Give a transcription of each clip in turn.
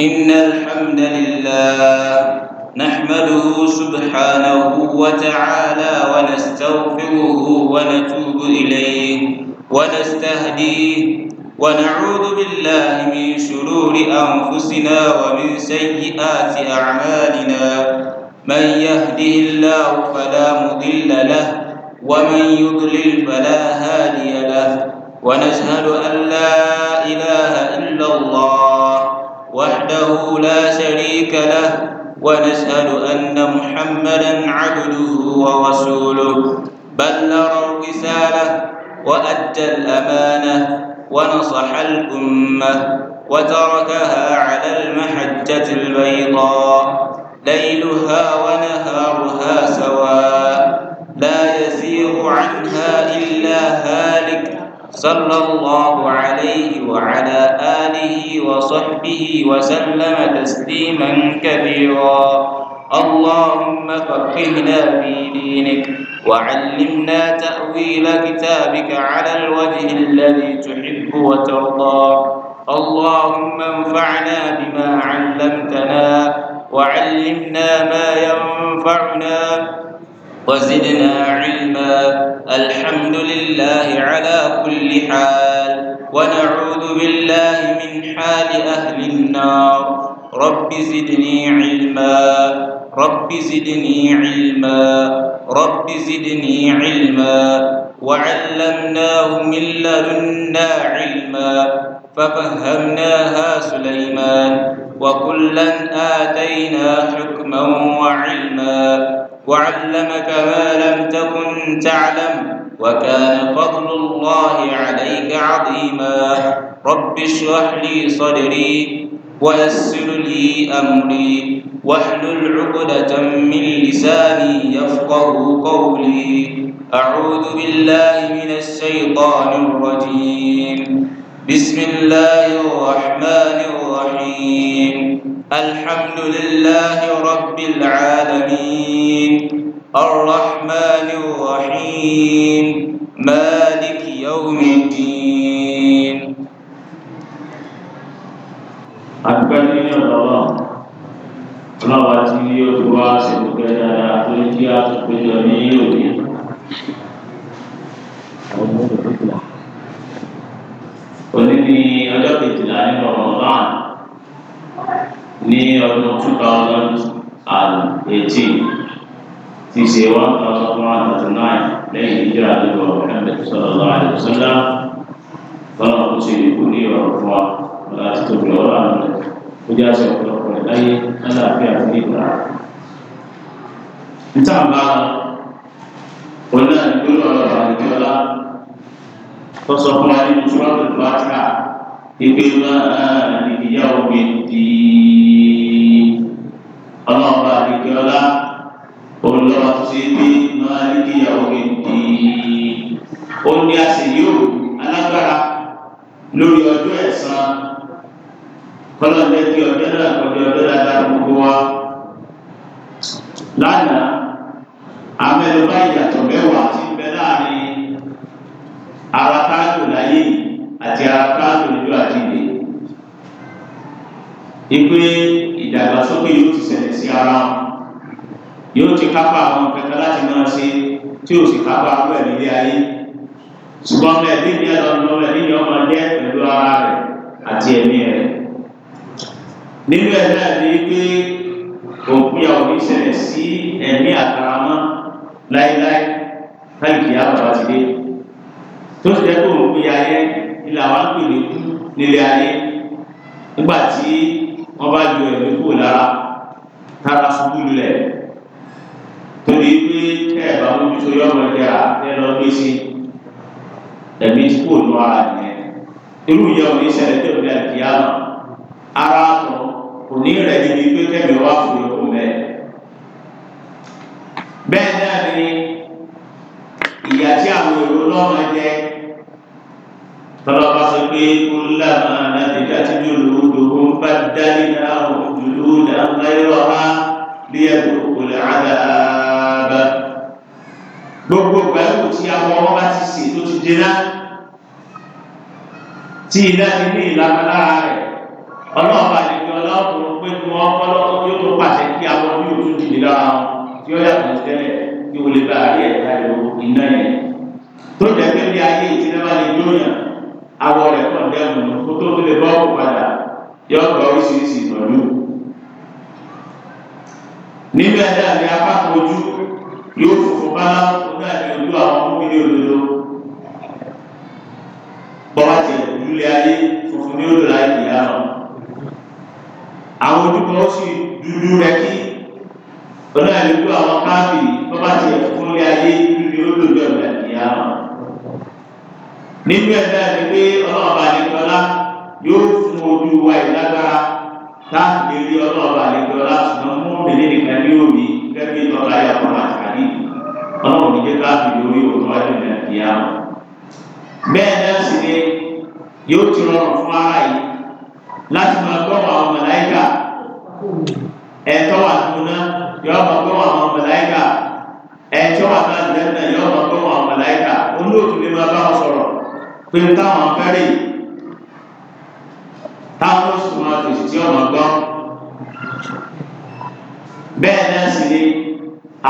إن الحمد لله نحمده سبحانه وتعالى ونستغفره ونتوب إليه ونستهديه ونعوذ بالله من شرور أنفسنا ومن سيئات أعمالنا من يهده الله فلا مضل له ومن يضلل فلا هادي له ونشهد أن لا إله إلا الله وحده لا شريك له ونسأل أن محمدا عبده ورسوله بلغ الرسالة وأدى الأمانة ونصح الأمة وتركها على المحجة البيضاء ليلها ونهارها سواء لا يزيغ عنها إلا هالك صلى الله عليه وعلى آله وصحبه وسلم تسليما كثيرا اللهم فقهنا في دينك وعلمنا تأويل كتابك على الوجه الذي تحب وترضى اللهم انفعنا بما علمتنا وعلمنا ما ينفعنا وزدنا علما الحمد لله على كل حال ونعوذ بالله من حال أهل النار رب زدني علما رب زدني علما رب زدني علما وعلمناه من لدنا علما ففهمناها سليمان وكلا آتينا حكما وعلما وعلمك ما لم تكن تعلم وكان فضل الله عليك عظيما رب اشرح لي صدري ويسر لي امري واحلل عقدة من لساني يفقه قولي اعوذ بالله من الشيطان الرجيم بسم الله الرحمن الرحيم الحمد لله رب العالمين الرحمن الرحيم مالك يوم الدين أكبر من الله الله عزيز يوتوا سيدنا أخلقيا سبحانه Onídìí ọjọ́ kejìlá رمضان ní ọdún two thousand and eighteen ti ṣe one thousand one hundred and nine lẹ́yìn ìjọ àdúgbò Muhammad sallallahu alaihi wasallam fọlọ́n kò ṣe ìlú ní ìrọ̀rùn fún wa láti tóbi ọ̀rọ̀ àwọn ọ̀rẹ́ ó jẹ́ àṣẹ ọ̀pọ̀lọpọ̀ rẹ̀ láyé lálàáfíà fún ìgbà. níta bá wọn náà ní gbólóhùn ọ̀rọ̀ àdìjọ́lá tó sọ fún wa nínú ṣúwọ́n tó bá ti ká ìpè máa nìyá omi di ọlọ́ọ̀bà àdìgbọ́lá olùlọ́wọ́ tó ṣe dé máa nìyá di ó ní àṣeyí òru alágbára lórí ọjọ́ ẹ̀san kọ́lọ́dé kí ọjọ́ náà kọjá ọjọ́ dáadáa gbogbo wa lánàá amẹ́lẹ́bá ìyàtọ̀ mẹ́wàá ti ń láàrin ara ìpè ìdàgbàsókè yóò ti ṣẹlẹ̀ sí ara wọn yóò ti kápá àwọn kẹta láti máa ṣe tí o sì kápá àwọn ẹ̀mí ilé ayé ṣùgbọ́n ọmọ ẹ̀mí ìdí ẹ̀rọ ọmọ ẹ̀mí ni ọmọ ẹ̀dẹ́ pẹ̀lú ara rẹ̀ àti ẹ̀mí rẹ̀ nínú ẹ̀ náà ni pé òpin àwọn oníṣẹ̀lẹ̀ sí ẹ̀mí àkàràmọ́ láéláé láìkí àwọn àti dé tó ti jẹ́ pé òpin ayé ilẹ̀ àwọn àgbèrè kú nílé ayé nígbà tí wọ́n bá ju ẹ̀mí kò lára tára ṣubú lulẹ̀ torí pé ẹ̀ bá wọn tó yọ ọmọ ìjẹra lẹ́nu ọdún sí ẹ̀mí tí kò lọ ara nìyẹn irú ìyá òní ṣẹlẹ̀ tó ní àdìyá náà ara tán kò ní rẹ̀ níbi pé kẹ́mi wá fún ìyókù mẹ́ẹ̀. bẹ́ẹ̀ náà ni ìyá tí àwọn èrò lọ́mọ jẹ́ tọ́lọ́pàá sọ pé kúlá máa nàbí láti jòló gbogbo ń bá dálé àwọn òjòló dáńgá irọ́ ha lé ẹ̀dùn òkòlè àdáàbà. gbogbo pẹ̀lú tí àwọn ọmọ bá ti sè tó ti dé náà tí iná ti ní ìlànà lára rẹ̀ ọlọ́ọ̀bà àdìgbò ọlọ́ọ̀kùnrin pé kí wọ́n kọ́ lọ́kọ́ yóò tó pàṣẹ kí àwọn yóò tún dìde lára wọn tí ó yàtọ̀ tẹ́lẹ̀ kí wọ́n lè bá àárẹ̀ ẹ̀ka ìlú iná yẹn tó jẹ́ pé ní ayé ìtìlẹ́wà lè dúró yàn awọ rẹ̀ pọ̀ dẹ́mu kó tó tó lè bọ́ọ̀kù padà yọ gba oríṣiríṣi ìtọ́jú. níbẹ̀ náà ni apá kan ojú yóò fòfò bá náà ní ojú àwọn mímí òdodo bọ́wá tẹ̀ lulẹ̀ ayé funfun ní òdodo ayé ìyá náà. àwọn ojú kan ó sì dúdú rẹ kí onáà ní ojú àwọn káàbì bọ́wá tẹ̀ fún ilé ayé lulẹ̀ òdodo ìyá náà nínú ẹ̀dá ni pé ọlọ́ọ̀bà àdìgbọ́lá yóò fún ojú wa ìlágbára láti lè rí ọlọ́ọ̀bà àdìgbọ́lá ṣùgbọ́n mú òmìnir nìkan ní òbí gẹ́gẹ́ bí ọ̀la ìyàwó àtàlí ọlọ́run ní jẹ́ káàbì lórí òtún àjọyọ̀ ìyá wọn. bẹ́ẹ̀ náà sì ni yóò ti rọrùn fún ara yìí láti máa gbọ́ àwọn màláíkà ẹ̀tọ́ wà túná yóò máa gbọ́ àwọn màláíkà ẹ̀tọ́ wà náà pé táwọn akẹ́rì táwọn oṣù máa fèsì tí ọ̀nà gbọ́ bẹ́ẹ̀ náà sì ni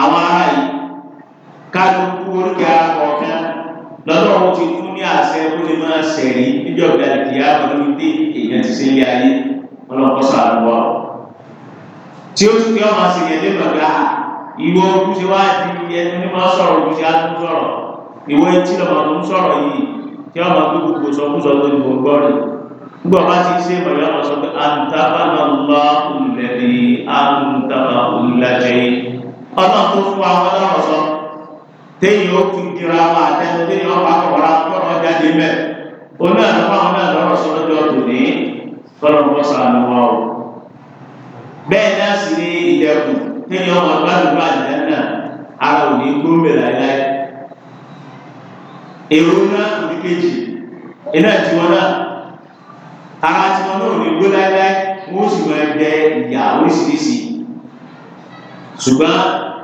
àwọn ará yìí kálukú oríkè ara kọ̀ọ̀kan lọ́dọ̀ wọn ti fún ní àṣẹ kó lè máa ṣẹ̀rí níbi ọ̀gá ìdíyà ọdún dé èèyàn ti ṣe ilé ayé ọlọ́pọ̀ sàlùwọ̀ tí ó ti ọmọ àṣeyẹ lé lọ́gà ìwọ ojú ṣe wá di ẹni máa sọ̀rọ̀ ojú á tún sọ̀rọ̀ ìwọ etí lọ́mọ tó ń sọ̀rọ̀ yìí kí wọ́n máa gbé gbogbo sọkúsọ tó ní gbogbo rẹ̀ gbogbo ọba ti ṣe ìmọ̀lẹ́ ọmọ sọ pé àǹtàbàlà ńlá olùlẹ̀dì àǹtàbà olùlàjẹ́ ọlọ́run tó fún àwọn ọlọ́run sọ téèyàn ó fi dira wọn àtẹnu téèyàn ọba kọ̀ọ̀rọ̀ akọ́rọ̀ jáde mẹ́ oní àdúgbò àwọn náà lọ́rọ̀ sọ lọ́jọ́ tòní kọ́lọ́ bọ́ sàánú wa o bẹ́ẹ̀ náà sì ní ìdẹ́kùn téèyàn ọmọ kejì iná tí wọn náà ara tí wọn náà lè gbó láéláé wọn ó sì máa jẹ ìyá oríṣiríṣi ṣùgbọ́n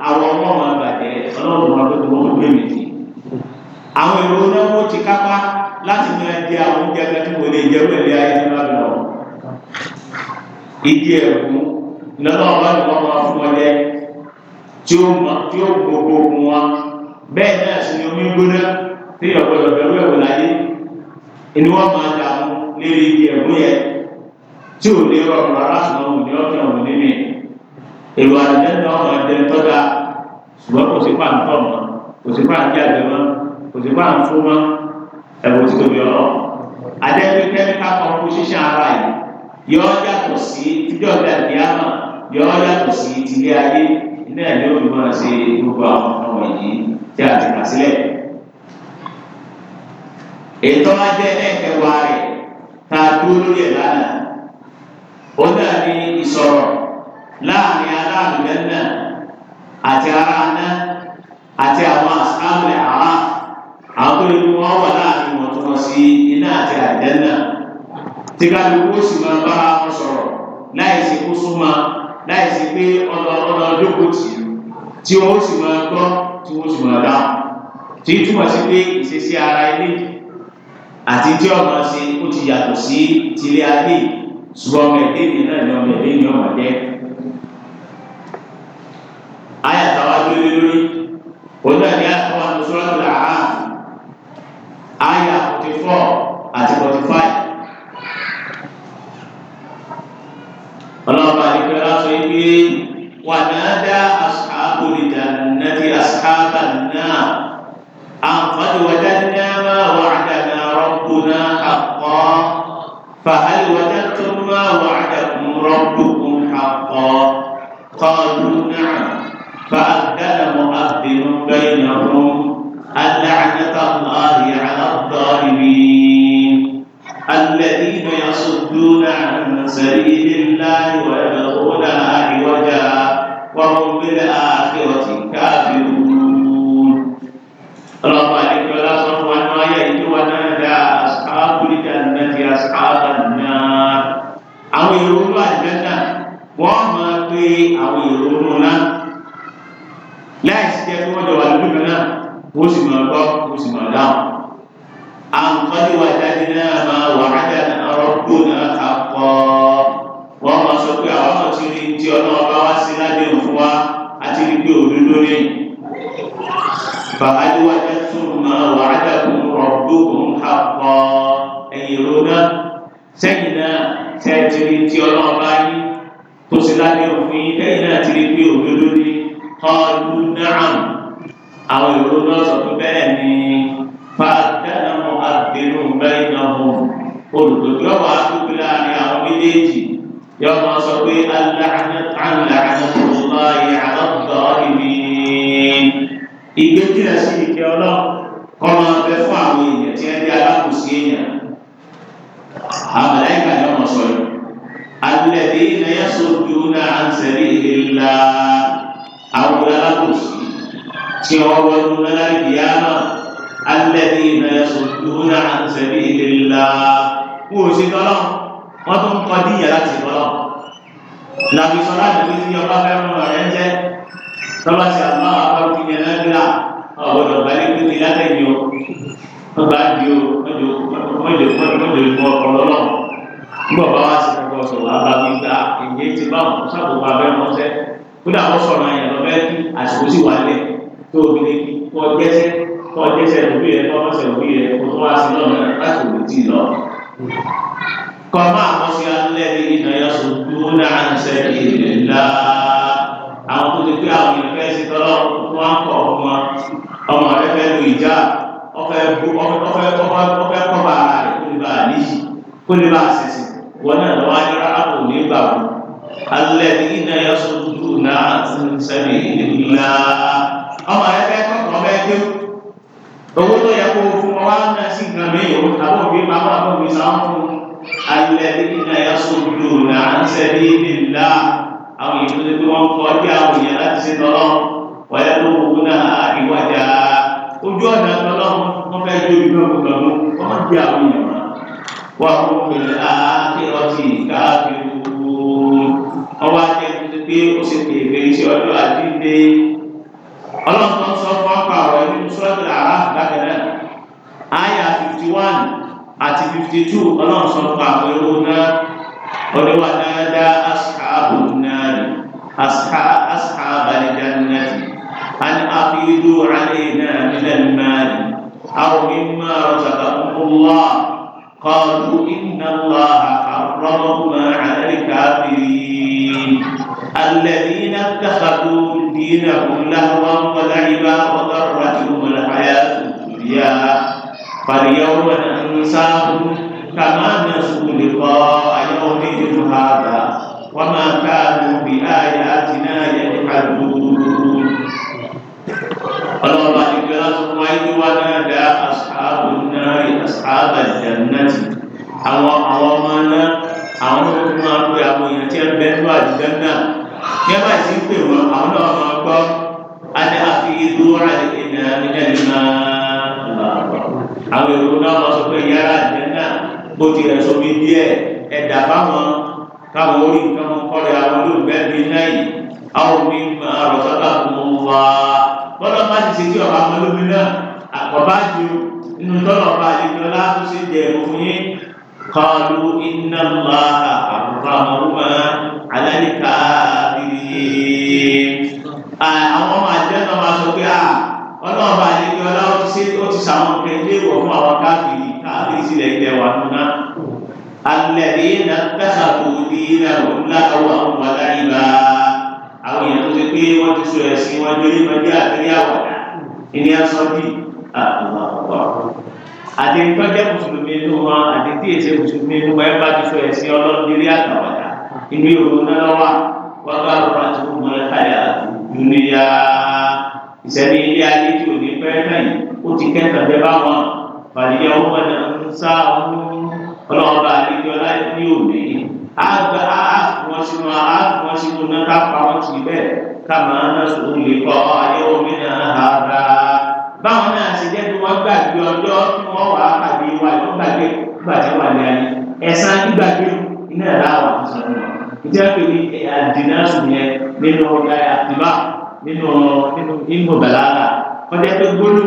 àwọn ọmọ máa bàjẹ́ ọlọ́run máa gbé wọn gbé mi tì àwọn èrò náà wọn ti kápá láti máa jẹ àwọn oúnjẹ kan tí wọn lè jẹ wẹlé ayé ní bá lọ ìdí ẹ̀kún lọ́nà ọba ni wọ́n máa fún ọ tí ó gbogbo ogun wọn bẹ́ẹ̀ náà sì ni omi gbóná tí ọ̀gbọ́dọ̀ bẹ̀rù ẹ̀wọ̀ láyé inú wọn máa dà mú lérí igi ẹ̀gún yẹn tí ò ní rọrùn rárá ṣùgbọ́n òní ọ̀kẹ́ òní mímì èrò àdìjẹ́ ní ọmọ ẹ̀dẹ́ tọ́jà ṣùgbọ́n kò sí pàǹ tọ̀ mọ́ kò sí pàǹ jáde mọ́ kò sí pàǹ fún mọ́ ẹ̀wọ̀ tí tóbi ọ̀rọ̀ àdẹ́gbẹ́ kẹ́míkà kan kú ṣíṣe ara yìí yọ ọ́ yàtọ̀ sí tíjọ́ ìdàgbìyàmọ̀ yọ ọ́ yàtọ̀ sí tilé ayé ilé ẹ̀dẹ́ òmìnira ṣe gbogbo àwọn ọmọ yìí tí a ti kà ètò ajẹ́ ẹ̀kẹwà rẹ̀ tá a dúró lórí ẹ̀ lánàá ó dàbí ìsọ̀rọ̀ láàrin aláàlúgbẹ́ náà àti ara náà àti àwọn àsáàmùlẹ̀ àrà àwọn tó lè mú wọn wà láàrin wọn tó wọn sí iná àti àjẹ́ náà tí kálukú ó sì máa bá wọn sọ̀rọ̀ láì sí kó súnmọ́ láì sí pé ọ̀nà ọ̀nà ọdún tí ó sì máa gbọ́ tí ó sì máa dá tí túmọ̀ sí pé ìṣesí ara ilé yìí àti tí ọmọ ṣe ó ti yàtọ̀ sí tilé ayé ṣùgbọ́n ọmọ ẹ̀dẹ́ mi náà ni ọmọ ẹ̀dẹ́ mi ọmọ jẹ́. ayàtọ̀ wa tó lé lórí òun náà ni ayàtọ̀ wa tó sọ́rọ́ tó làá ayà forty four àti forty five. ọlọ́ọ̀bà ni pé aláṣọ ibi wà náà dá ashabul jannati ashaban nar àǹfààní wàjáde náà. فهل وجدتم ما وعدكم ربكم حقا قالوا نعم فأذن مؤذن بينهم اللعنة الله على الظالمين الذين يصدون عن سبيل الله ويبغونها عوجا وهم بالآخرة àwọn èrò sí èèyàn àwọn màláíkà ni wọ́n sọ yìí alẹ́bí iná yẹn sojú náà ń sẹ́rí ìlà àwọn alákòóso tí wọ́n wọnú náà kìyàmá alẹ́bí iná yẹn sojú náà ń sẹ́rí ya wọ́n ò sí tọ́lọ́ wọ́n tó ń kọ́ díyà láti tọ́lọ́ làbí sọ láti fi sí ọba fẹ́ràn rẹ̀ tó bá di o mọ́jọ mú ọkọ̀ lọ́wọ́ nígbà bá wá sí ọkọ̀ sọ̀rọ̀ àbá gbígbà èyí ti bá wọn sábò bá bẹ́ẹ̀ mọ́ sẹ́ kódà wọ́n sọ̀rọ̀ àyàn lọ bẹ́ẹ̀ kí àsìkò sì wà lẹ̀ tó o lè kí kọ́ jẹ́sẹ́ kọ́ jẹ́sẹ̀ lórí rẹ̀ kọ́ mọ́sẹ̀ lórí rẹ̀ kó tó wá sí lọ́nà láti òwe tì lọ. kọ́ máa mọ́ sí alẹ́ ní ìnáyà sọ̀tún náà ń sẹ́ ìrìn ńlá àwọn tó ti pé àwọn ìfẹ́ sí tọ́lọ́ wọn kọ̀ ọmọ ọmọ rẹ̀ fẹ́ lu ìjà ọfẹ ọfẹ ọfẹ ọfẹ kọba rẹ kó lè ba àníyí kó lè ba àṣìṣe wọn náà lọ wáyé rárá kò ní gbà wọn. الذين يصدون عن سبيل الله ọmọ rẹ fẹ́ kọ́kọ́ bẹ́ẹ̀ kí owó tó yẹ kó fún ọ wá ná sí nǹkan mi ò àwọn òbí máa wà fún mi sáwọn fún الذين يصدون عن سبيل الله àwọn èèyàn tó ti pé wọ́n kọ́ ọdí àwọn èèyàn láti ṣe tọ́lọ́ wọ́n yẹ kó owó náà ìwọ́jà ojú ọ̀nà ọlọ́run wọ́n fẹ́ jó ìlú ọ̀gbọ̀n gbọ̀ngbọ̀n wọ́n máa ń di àwọn èèyàn mọ́. wà á wọ́n pèlè àákérọ́tì káàkiri ọwọ́ akẹ́kọ̀ọ́ pé ó sì pè é sí ọjọ́ àdínde ọlọ́run sọ fún apá ọ̀rọ̀ nínú sọ́ọ̀tì àrà bákan náà àyà fifty one àti fifty two ọlọ́run sọ fún àwọn èrò náà ọdún wa dáadáa asùkà àbò náà asùkà asùkà àbàlẹ̀ jáde náà أن أفيدوا علينا من المال أو مما رزقكم الله قالوا إن الله حرمهما على الكافرين الذين اتخذوا دينهم لهوا ولعبا وغرتهم الحياة الدنيا فاليوم ننساهم كما نسوا لقاء يومهم هذا وما كان wípé wá náà dá aṣáábù náà rí aṣáábà jannati àwọn àwọn ọmọ náà àwọn tó tún máa ń pè àwọn èèyàn tí ń bẹ ń bá àdìgbẹ́ náà ní ẹ báyìí sí pé wọn àwọn náà máa gbọ́ adé àfi ìlú rà ìnà ìdẹ́ni máa àwọn èrò náà máa sọ àwọn olóògbé àwọn mi àwọn olómi bàbá àti o inú tọ́lọ̀ ọba àdìgbò láti ṣe jẹ ẹ̀rọ fún yín kọlu iná lọ́wọ́ àbúrò ọmọ alálìkà bìrì àwọn ọmọ àjẹ́ náà máa sọ pé à ọlọ́ọ̀bà àdìgbò ọlọ́wọ́ ti ṣe ó ti sàwọn kẹ́lé wọ̀ fún àwọn káàkiri káàkiri sílẹ̀ ilẹ̀ wà nínú alẹ́ yìí náà tẹ́sà tó di iná òun láwọ̀ àwọn ọmọ aláìlá àwọn èèyàn tó ti pé wọ́n ti sọ ẹ̀sìn wọn délé wọn dé àtẹ́lẹ́ àwàdà ìní àti ntọ́jẹ́ mùsùlùmí inú wọn àti tí èsè mùsùlùmí inú wọn ẹ bá ti sọ ẹ̀sìn ọlọ́dúnrí àtàwàdà inú ìrònú náà wà wọn bá rọra tí wọn mọ ẹ̀káyà dúníyà ìsẹ̀mí ilé ayé tí ò ní pẹ́ lẹ́yìn ó ti kẹ́kọ̀ọ́ bẹ́ẹ̀ bá wọn fàlíyà ó wọn ń sá ọlọ́ọ̀bà àlejò láì ní òní àgbà àfọwọ́n sínú náà ká pa wọn tì bẹ́ẹ̀ ká náà sọ báwọn náà ṣe jẹ́ kí wọ́n gbàgbé ọjọ́ kí wọ́n wà á pàdé wa ìwọ́n gbàgbé gbàgbé wà ní ayé ẹ̀sán gbígbàgbé iná ẹ̀rá wà ní sọ́dún wa ìjẹ́ pé ní àdínà sùn yẹn nínú àtìbá nínú nínú bàlágà kọjá pé gbólú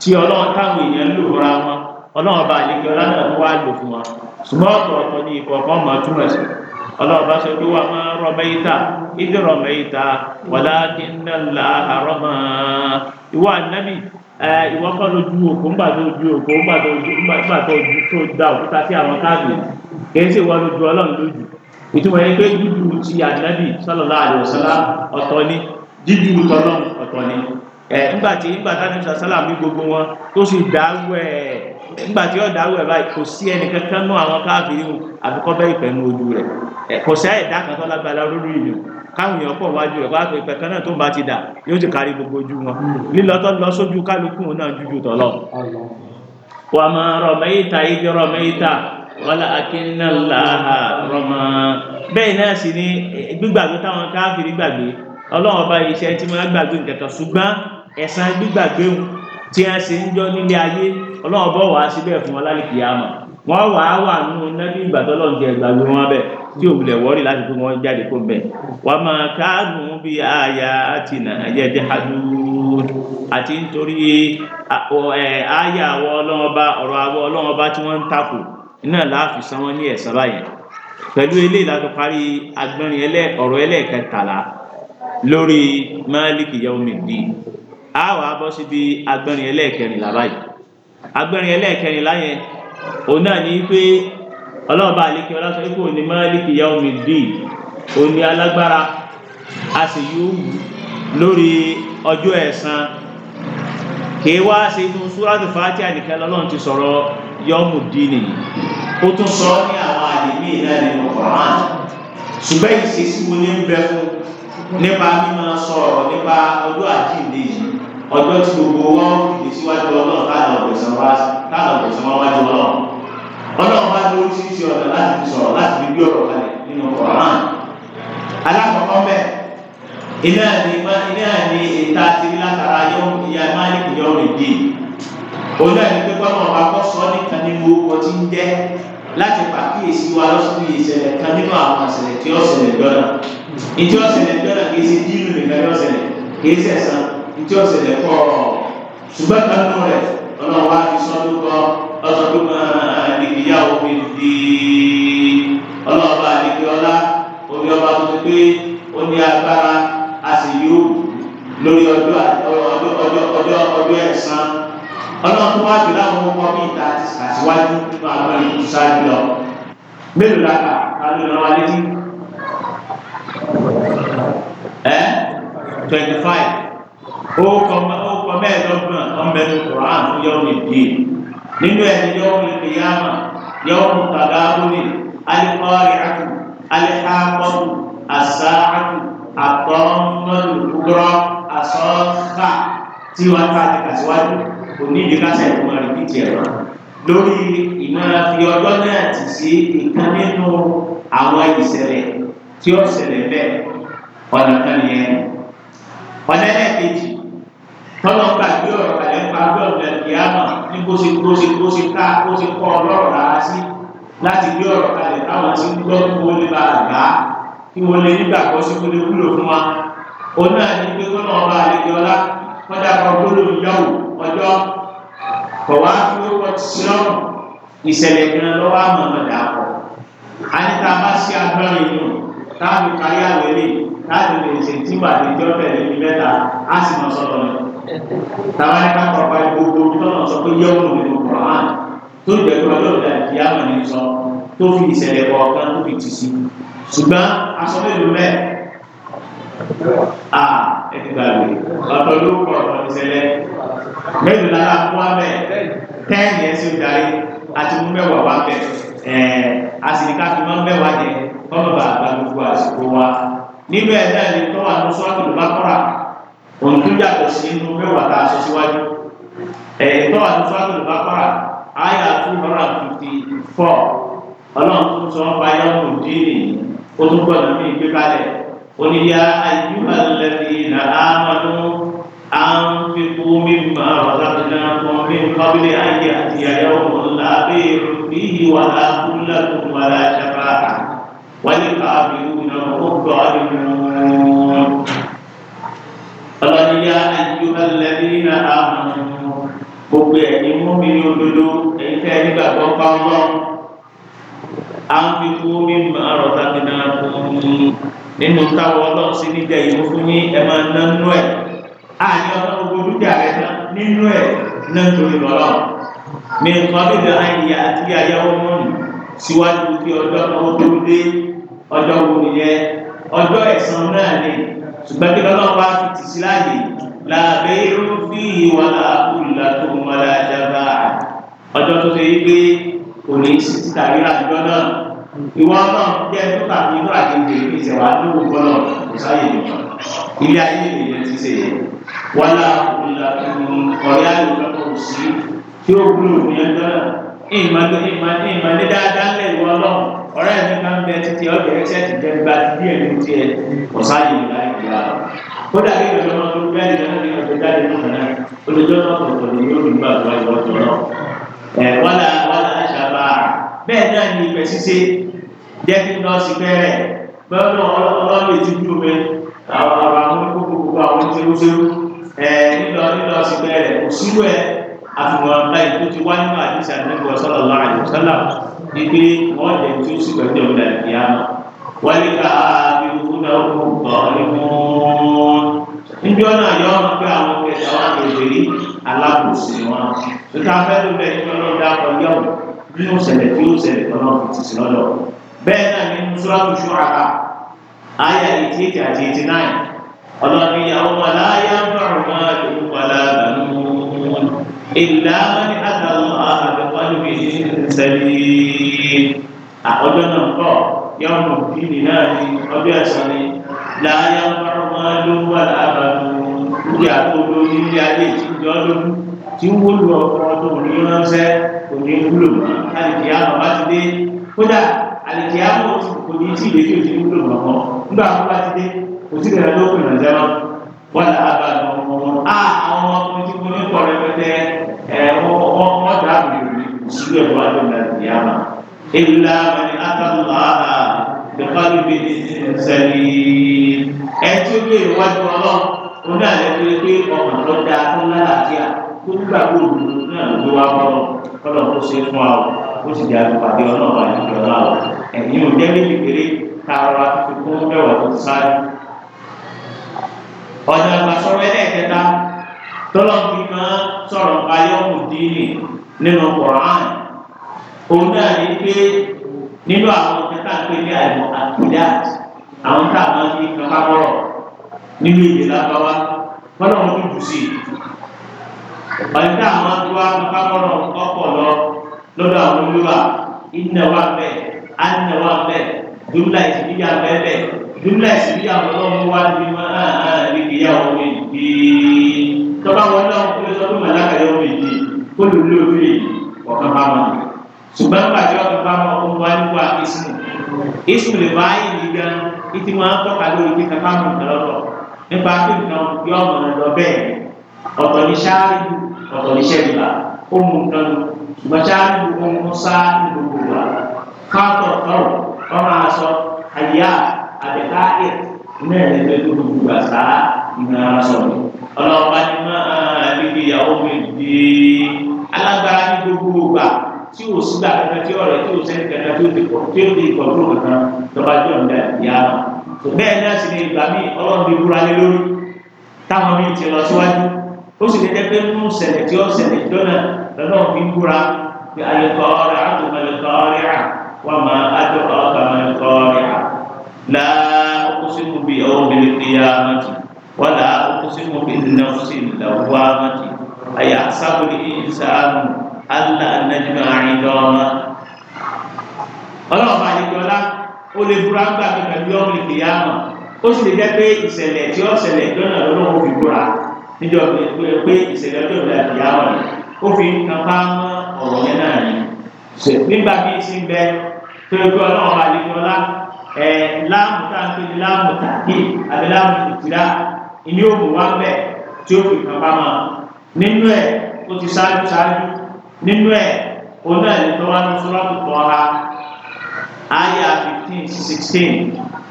tí ọlọ́run táwọn èèyàn lò fúnra wọn ọlọ́run bá àlejò ọlá náà wá lò fún wọn ṣùgbọ́n ọ̀tọ̀ọ̀tọ̀ ní ìkọ̀ọ̀kan ọmọ túmọ̀ sí ọlọ́ọ̀bá sọ pé wà máa rọmẹ́yìíta ìdí rọmẹ́yìíta wàlá kí ń dá la àrọ́mọ́ ìwọ ànábì ìwọ kọ́ lójú òkú ńgbà tó ju òkú ńgbà tó ju ńgbà tó tó da òkúta sí àwọn kìí sì wọ lójú ọlọ́run lójú ìtumọ̀ yẹn pé ti ni dídú ọ̀tọ̀ ni ńgbà tí ńgbà tánú sàsálà mi gbogbo wọn tó sì ńgbà tí yóò báyìí kò sí ẹni kankan àwọn àfikọ́ bẹ́ẹ̀ ojú káwọn èèyàn pọ̀ wájú rẹ̀ wá pé pẹ̀kan náà tó bá ti dà yóò ti kárí gbogbo ojú wọn lílọ́tọ́ lọ sójú kálukú náà jújù tọ̀lọ̀. wà á máa ramaita ibi ramaita wàlá akínná làhà rama. bẹ́ẹ̀ náà sì ni gbígbàgbé táwọn káfíìrì gbàgbé ọlọ́run ọba iṣẹ́ tí wọ́n gbàgbé nǹkan kan ṣùgbọ́n ẹ̀san gbígbàgbé tí wọ́n ṣe ń jọ nílé ayé ọlọ́run ọba wàá síbẹ̀ fún wọn lálẹ́ kìí àmọ́ wọ́n wà á wà nù nábì ìgbà tó lọ́n ti ẹgbàgbé wọn bẹ̀ tí ò wulẹ̀ wọ́ọ̀rì láti kó wọn jáde kó bẹ̀. wà á máa káànù bí àyà àti nàájẹ́ jẹ́ hadu àti nítorí àyà àwọ̀ ọlọ́ọba ọ̀rọ̀ àwọ̀ ọlọ́ọba tí wọ́n ń takò iná láàfin san wọn ní ẹ̀sán báyẹn. pẹ̀lú eléyìí láti parí agbẹ́rin ọ̀rọ̀ ẹlẹ́ẹ̀kẹtàlá lórí máàlìkì yawmiddin òun náà ní pé ọlọ́run bá àlékè ọlá sọ pé òní máàlìkì yá omi dì òní alágbára a sì yóò wù lórí ọjọ́ ẹ̀san kìí wá ṣe inú súrátù fàtíà nìkan lọ́lọ́run ti sọ̀rọ̀ yọ́mù dì nìyí ó tún sọ ní àwọn àdìmí ìlànà ìmọ̀kànlá ṣùgbọ́n ìṣesí wo ní ń bẹ fún nípa mímọ sọ̀rọ̀ nípa ọdún àjíǹde yìí ọjọ́ tí gbogbo wọn fìdí síwájú ọlọ́run táwọn ọ̀gbẹ̀sán wá táwọn ọ̀gbẹ̀sán wá wájú ọlọ́run ọlọ́run wá ní oríṣiríṣi ọ̀nà láti fi sọ̀rọ̀ láti fi gbé ọ̀rọ̀ kalẹ̀ nínú Qur'an alákọ̀ọ́kọ́ bẹ́ẹ̀ iná ni iná ni ìta ti rí látara yóò ya máàlì kìí ọ̀rọ̀ ìdí òun náà ni pé kọ́nà ọba kọ́ sọ nìkan nínú owó tí ń jẹ́ láti pàkíyèsí wa lọ́sùn ìṣẹ̀lẹ̀ kan nínú àwọn àṣẹlẹ̀ tí ó ṣẹlẹ̀ dọ́là ìjọ ṣẹlẹ̀ dọ́là kì í ṣe díìlù nìkan yóò ṣẹlẹ̀ kì í ṣẹ̀sán ntí ó sì lè kọ́ ọ̀rọ̀ ṣùgbọ́n kan nù rẹ̀ ọlọ́run wá fi sọ́dún kọ́ ọ̀sọ́dún máa nìgbéyàwó mi di ọlọ́ọ̀bá àdìgbé ọlá omi ọba tó ti pé ó ní agbára a sì yóò lórí ọjọ́ ọjọ́ ọjọ́ ọjọ́ ẹ̀san ọlọ́run tó wá jù láwọn ọmọ mi ìta àti àtiwájú nínú àwọn ìlú ṣáájú lọ mélòó la kà á lè rán wa létí twenty five orúkọ orúkọ mẹ́ẹ̀ẹ́dọ́gbọ̀n ọmọbẹ̀rù Quran fún yọmi dì nínú ẹ̀ ní yọmi kìyàmà yọmi tàdáwùnì alikọ́rìàtù alihàmọ́tù asáàtù àtọ́mọ́lùkúrọ́ asọ́fà tí wọ́n ká ti kàṣíwájú onídìíkásẹ̀ ìmọ̀ rẹ̀ kìí tiẹ̀ wá lórí ìmọ̀ràn fi ọjọ́ náà ti sí ìkan nínú àwọn ìṣẹ̀lẹ̀ tí ó ṣẹlẹ̀ bẹ́ẹ̀ ọ̀nà kan nìyẹn ọ̀nà ẹ̀kejì tọ́lọ́ gbàgbé ọ̀rọ̀ àyẹ̀ ń parí ọ̀rọ̀ ìyáàmà ní bó ṣe bó ṣe bó ṣe ká bó ṣe kọ́ ọlọ́rọ̀ rárá sí láti gbé ọ̀rọ̀ kalẹ̀ táwọn ti ń gbọ́ kí wọ́n lè ba àgbá kí wọ́n lè nígbàgbọ́ sí kó lè wúlò fún wa. òun náà ní pé kọ́nà ọba àlejò ọlá kọ́dà kan gbọ́dọ̀ yọ̀wò ọjọ́ kọ̀wá tí ó kọ́ ti sílọ́mù ìṣẹ̀lẹ̀ gan lọ́wọ́ àmọ̀mọ̀ dàpọ̀. a ní ta bá sí agbọ́nrin inú mọ̀ táwọn ẹ̀ka pàpà gbogbo tọ́nà sọ pé yẹ́wò nínú Quran tó jẹ́ pé ọlọ́dà ìyáàmù ní sọ tó fi ìṣẹ̀lẹ̀ kọ̀ọ̀kan tó fi tì sí ṣùgbọ́n aṣọ mélòó mẹ́ a ẹ̀dùgbà rẹ̀ ọ̀tọ̀ ló kọ̀ ọ̀tọ̀ ìṣẹ̀lẹ̀ mélòó lára fún abẹ́ tẹ́ẹ̀nì ẹ̀sìn ìdarí àti mú mẹ́wàá wá bẹ̀ ẹ̀ àsìríkà fi máa ń mẹ́wàá jẹ kọ́mọ̀bà àgbà gbogbo àsìkò wa nínú ẹ̀ náà ni ohun tó yàtọ̀ sí inú mẹ́wàá tá a sọ síwájú ẹ̀yìn tó wà ní sọ́dọ̀ bá para àyà two hundred and fifty four ọlọ́run tó sọ ọ́ bá yọ̀ kò dín ní o tó gbọ́dọ̀ ní ìgbé balẹ̀ oníyà àyùbá lẹ́bi nà ámàdó àǹfikù mímà ọ̀sàdínà kan mí kọ́bílẹ̀ ayé àti àyà ọmọ làbẹ́ ìhì wà lákúlẹ̀kùn wà láṣàbà wáyé káàbí ìwúná ó gbọ́ أيها الذين آمنوا gbogbo ẹ̀yin mọ́mìnì òdodo èyí tẹ́ ẹ nígbà tó ń pa ọlọ́ àǹfikú mi máa rọ̀ tàbínà nínú táwọn ọlọ́run sí ní jẹ́ ìwọ fún yín ẹ máa ná nínú ẹ̀ àyè ọlọ́run gbogbo dúkìá rẹ̀ ná nínú ẹ̀ ná nítorí lọ́lọ́ mi nǹkan bíbẹ̀ àyè àti àyẹ̀wò mọ́nì síwájú kí ọjọ́ ọwọ́ tó dé ọjọ́ wo nìyẹn ọjọ́ ẹ̀san náà ni ṣùgbọ́n kí lọ́lọ́run bá fi tì sí láàyè la bay'un fihi wala khullatun wala jaba'ah ọjọ́ tó ṣe yí pé kò ní sí títà rírà ìjọ náà ìwọ náà jẹ́ dúkà ní inú àgbègbè ní wala khullatun ọ̀rẹ́ àlùkò sí tí ó wúlò fún yẹn náà ìmọ̀lẹ́ ìmọ̀lẹ́ ìmọ̀lẹ́ dáadáa lẹ̀ ìwọ náà ọ̀rẹ́ mi máa ń bẹ títí ọ̀gẹ̀rẹ́sẹ̀ ti jẹ́ gbadé díẹ̀ ní tiẹ̀ kò sáyè nìkan ìgbà kódà kí ìjọba máa tó bẹ́ẹ̀ ní ọdún ìjọba jáde ní ọ̀nà olùjọba ọ̀tọ̀ ni yóò ní gbà tó àjọ ọ̀tọ̀ náà ẹ̀ wàlà wàlà àṣàbà bẹ́ẹ̀ náà ni ìfẹ́ ṣíṣe jẹ́ kí nọ́ọ̀sì bẹ́ẹ̀ bẹ́ẹ̀ náà ọlọ́ọ̀lù ti dúró bẹ́ àwọn àwọn gbogbo àwọn ṣerúṣerú ẹ̀ nílọ nọ́ọ̀sì bẹ́ẹ̀ kò síwú ẹ̀ àfihàn báyìí tó ti wá nínú والكافرون هم الظالمون níbi ọ̀nà àyọ̀ ọ̀nà pé àwọn kẹta wà lóbìnrin alábòsí wọn níta fẹ́ ló bẹ ní ọlọ́run dákọ̀ yẹ̀wò nínú ìṣẹ̀lẹ̀ tí ó ṣẹlẹ̀ ọlọ́run fi ti sí lọ́dọ̀ bẹ́ẹ̀ náà nínú sọ́ọ́tù ṣọ́ra àyà eighty eight àti eighty nine ọlọ́run ìyàwó wàlá ayé àbúrò wọn àdéhùn wàlá àbànú ìlà wọn àtàwọn àbẹ̀wọ́n mi ní sẹ́yìn àkọ́jọ́ náà pọ̀ yọmọ bíbí náà ní ni láyé ọmọ ló wà lábàámu níbi àkókò nílé ayé tí ń jọ lójú tí ń wó lu ọkọ tó ní ránṣẹ́ kò ní wúlò alìkìyà bàbá ti dé kódà alìkìyà bò kò ní tí ìlẹ́jọ́ ti ń wúlò mọ̀mọ́ nígbà bàbá ti dé kò sí ìrẹ̀lẹ́ ló pè lọ́jọ́ wọn lábàámu ọmọ wọn a àwọn ọmọ tí mo ní kọ́ rẹpẹtẹ ẹ wọ́n wọ́n dàbí ìrìn ìṣúlẹ̀ wọn àti ìrìn ìlà àbẹ̀ni àtàlùmáà ìpàdébí sẹ́yìn ẹ tí ó lè wájú ọlọ́run ó ní àlẹ́ pé pé ọmọ tó dáa tó lálàáfíà tó nígbà tó lù ú náà ló gbé wá bọ́lọ̀ kọ́lọ̀ tó ṣe fún wa ó sì dáa pàdé ọlọ́run àti ìjọba wa ẹ̀yin ò jẹ́ níbi kéré tààrà tó kó tó sáré. ọ̀nà àgbàsọ̀rọ̀ ẹlẹ́ẹ̀kẹta tọ́lọ́ fi máa sọ̀rọ̀ ayọ́mùdínì nínú kọ̀ọ̀án òun náà ní pé nínú àwọn kẹta ń pè ní àìmọ̀ àkìdá àwọn tá a máa fi kankan bọ̀rọ̀ nínú ìdè lábáwá wọn náà wọn tún jù sí i ọ̀yìn tá a máa tó wá kankan bọ̀rọ̀ ọkọ̀ lọ lọ́dọ̀ àwọn olúwa ìnà wà bẹ́ẹ̀ ànà wà bẹ́ẹ̀ dúrúlà ìsìnbíyà bẹ́ẹ̀ bẹ́ẹ̀ dúrúlà ìsìnbíyà ọlọ́run wá ah, ah, ní wọn á á ní ìyàwó mi bí tọ́ba wọn náà kó lè sọ́dún màlákàyọ̀ mi yìí kó lè lóore ọ̀kan bá wọn ṣùgbọ́n pàtó ọ̀tún bá wọn ọkọ̀ wá nípa ìsìn ìsìn lè bá yìí ní gan ìtì wọn tọ́ka lórí pé kápá mú nǹkan lọ́tọ̀ nípa pé nǹkan yọ ọ̀nà lọ bẹ́ẹ̀ ọ̀tọ̀ ní ṣáájú ọ̀tọ̀ ní ṣẹ́dùbà ó mú nǹkan lọ ṣùgbọ́n ṣáájú ó mú sá ní gbogbo wa káàtọ̀ tọ̀rọ̀ wọ́n máa sọ àyà àbẹ̀káyẹ̀ náà lè fẹ́ tí o sì gbà kankan tí ọ̀rẹ́ tí o sẹ́ni kankan tí o ti kọ tí o ti kọ tó kankan tọba jọ ń da ìyá ma tó bẹ́ẹ̀ náà sì ni ìgbà mi ọlọ́run bí búra lé lórí táwọn mi ti lọ síwájú ó sì lè dẹ́gbẹ́ mú ṣẹlẹ̀ tí ó ṣẹlẹ̀ jọ́nà lọ́nà fi ń búra pé ayọ̀kọ̀ ọ̀rẹ́ àtọ̀mọ̀lẹ̀kọ̀ ọ̀rẹ́ à wà má àjọ ọ̀kàmọ̀lẹ̀kọ̀ ọ̀rẹ́ à là ọkùnrin mi bí ọ̀rẹ́ mi lè àtà ànájúmọ̀ àrìndọ́ ọmọ. ọlọ́run bá yẹn jọlá ó lè búra gbà mí pẹ̀lú ọ̀gbìn kìyàmọ̀ ó sì lè jẹ́ pé ìṣẹ̀lẹ̀ tí ó ṣẹlẹ̀ lọ́nà lọ́wọ́ fi búra níjọ́ pé ìṣẹ̀lẹ̀ tó lọ́nà kìyàmọ̀ ni ó fi nǹkan bá mọ́ ọ̀rọ̀ yẹn náà ni. nígbà bí i sí ń bẹ tó ikú ọlọ́run bá yẹn jọlá ẹ̀ láàmù tá ń pè ní láàmù nínú ẹ̀ òun náà ní tọ́wá ní sọ́lọ́tù tọ́ra àyà fifteen sí sixteen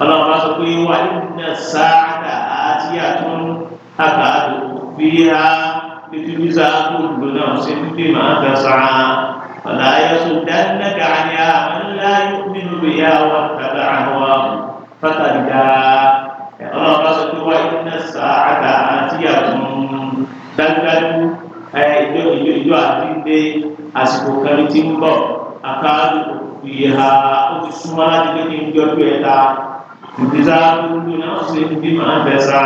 ọlọ́run bá sọ pé wà nínú sáádà àti àtún àgbàdo fi ha nítorí sáàkó ìlú náà ṣe ń pè máa ń gbàsá ọ̀là ayẹ́sọ dáńdáńdá àní àmàlá yóò nínú ìyá wa tàbí àwọn fàtàlídà ọlọ́run sọ pé wà nínú sáádà àti àtún dáńdáńdá ìjọ ìjọ ìjọ àti pé àsìkò kan tí ń bọ̀ akáàdù ìhà ó ti súnmọ́ láti pé kí n jọ bí ẹ̀ta ìdíjà gbogbo náà ṣe ń bí màá bẹ̀ sáà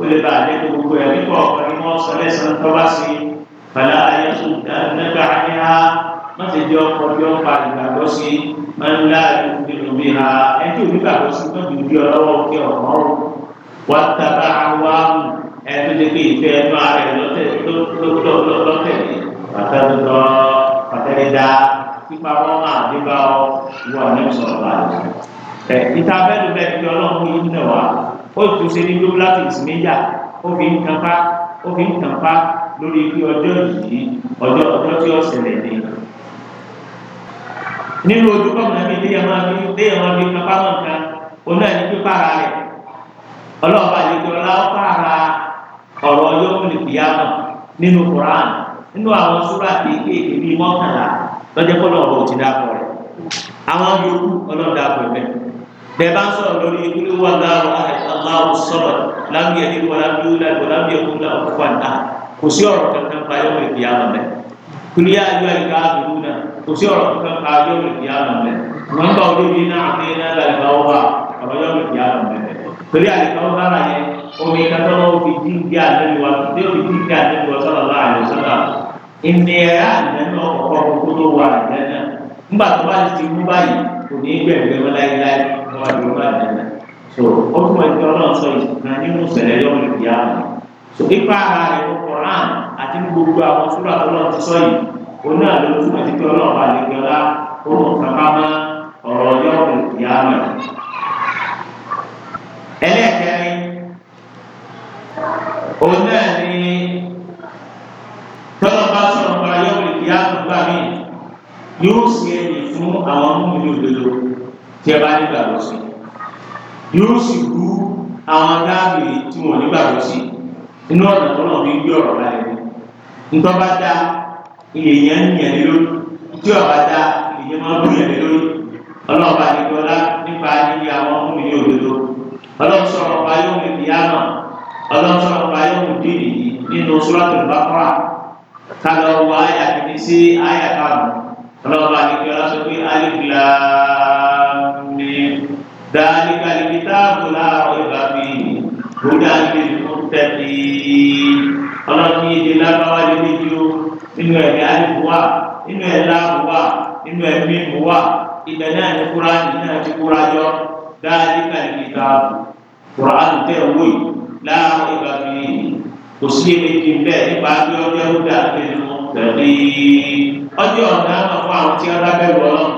ó lè bá àdéhùn gbogbo ẹ̀ nípa ọ̀pọ̀ ni wọ́n sọ lẹ́sàn-án tó bá sí bàlá ayéṣu dáadáa àyà wọ́n ti di ọkọ̀ bí wọ́n pa ìgbàgbọ́ sí máa ń lá ìdùnnú bí ha ẹjọ́ onígbàgbọ́ sí wọ́n dùn bí ọlọ́wọ́ kí ọ̀rọ̀ rò wọ́n tàbá wá ẹ̀ẹ́dẹ́gbẹ́ ìfẹ́ ẹnu ara ẹ̀ lọ́tẹ̀ lọ́tẹ̀ pàtàkùtọ̀ pàtàkìdá pípa wọn máa débà ọ wọ àníbi sọ̀rọ̀ báyìí. ẹ ìta abẹ́nu bẹ́ẹ̀ fi ọlọ́run yìí ń tẹ̀ wá ó tu sí ní lóbulátìsì méjà ó fi ń kan pa ó fi ń kan pa lórí pé ọjọ́ yìí ọjọ́ ọjọ́ tí ó ṣẹlẹ̀ ni. nínú ojú kọ́mọ̀nà mi léyà máa fi léyà máa fi kan pámọ̀ kan oná ẹni pípa ara rẹ̀ ọlọ́ọ̀bà àlejò ọlá ó pààrà ọ̀rọ̀ ọjọ́ kùnìkìyàmọ̀ nínú Kùránì nínú àwọn súrà kéékèèké bíi mọ́kànlá lọ́jọ́ kọ́lọ́ ọ̀rọ̀ òtí dáàbò rẹ̀ àwọn yòókù ọlọ́run dáàbò rẹ̀ bẹ́ẹ̀ bá ń sọ̀rọ̀ lórí ìpínlẹ̀ wà láàrú aláwọ̀ sọ̀rọ̀ lámìyẹ ní wọlá bí ó lágbó lámìyẹ kó lá òkú àná kò sí ọ̀rọ̀ kankan pa yọ̀wọ̀ ìdí àmọ̀ rẹ̀ kúlíyà ayọ̀ ìka àbúrú náà kò sí ọ̀rọ̀ kankan pa yọ̀wọ̀ ìdí àmọ̀ rẹ̀ wọ́n bá olóbi náà àti náà làlùbáwọ́ omi kata náà fi dídí àdéhùwà tí di fi dídí àdéhùwà sọ̀rọ̀ láàyò sọ̀rọ̀ ìnira àdéhùn ọ̀kọ̀ọ̀kọ̀ kókó tó wà àdéhùn nígbà tó bá ti mú báyìí kò ní gbẹ̀gbẹ̀ wọn láéláé wọn àti wọn àdéhùn so ó tún wọn ti ọlọ́run sọ ìsìnkà nínú ìṣẹ̀lẹ̀ yọ̀ọ́ ìyá wọn so ipa ara rẹ̀ ló kọ̀ rán àti ní gbogbo àwọn súrà ọlọ́run ti sọ yìí oní àlọ́ tó òun náà ní tọ́lọ́ba sọ̀rọ̀ bá yọ̀ wọlé kí á tó gbà mí yóò sì ẹ̀yìn fún àwọn múmi òdodo tí ẹ bá nígbà lọ sí yóò sì rú àwọn dáàbì tí wọn nígbà lọ sí inú ọ̀nà tó náà fi gbé ọ̀rọ̀ láyé ní ntọ́ba dá ilé yẹn ń yẹn lórí tí ọ̀ba dá. Kalau wọ àyà ayat kamu, kalau kàmù ọlọ́pàá àdìgbò aláṣọ pé alìkìlá mi dáríkà lìkìtà àbúlá ọ̀gá mi lódà mi ló tẹ̀lé ọlọ́pàá yìí lábáwá lè méjì ó nínú ẹ̀mí alìkù wá nínú ẹ̀ láàbù wá nínú ẹ̀mí mú wá ibẹ̀ náà ní kúrá nínú ẹ̀mí kúrá jọ dáríkà lìkìtà àbù kúrá àdùtẹ̀ owó kò sí eréje bẹ́ẹ̀ nípa pé ọjọ́ ìdá nínú tẹ̀lé ọjọ́ ọ̀nà àwọn àwọn tí wọ́n lábẹ́rù ọlọ́run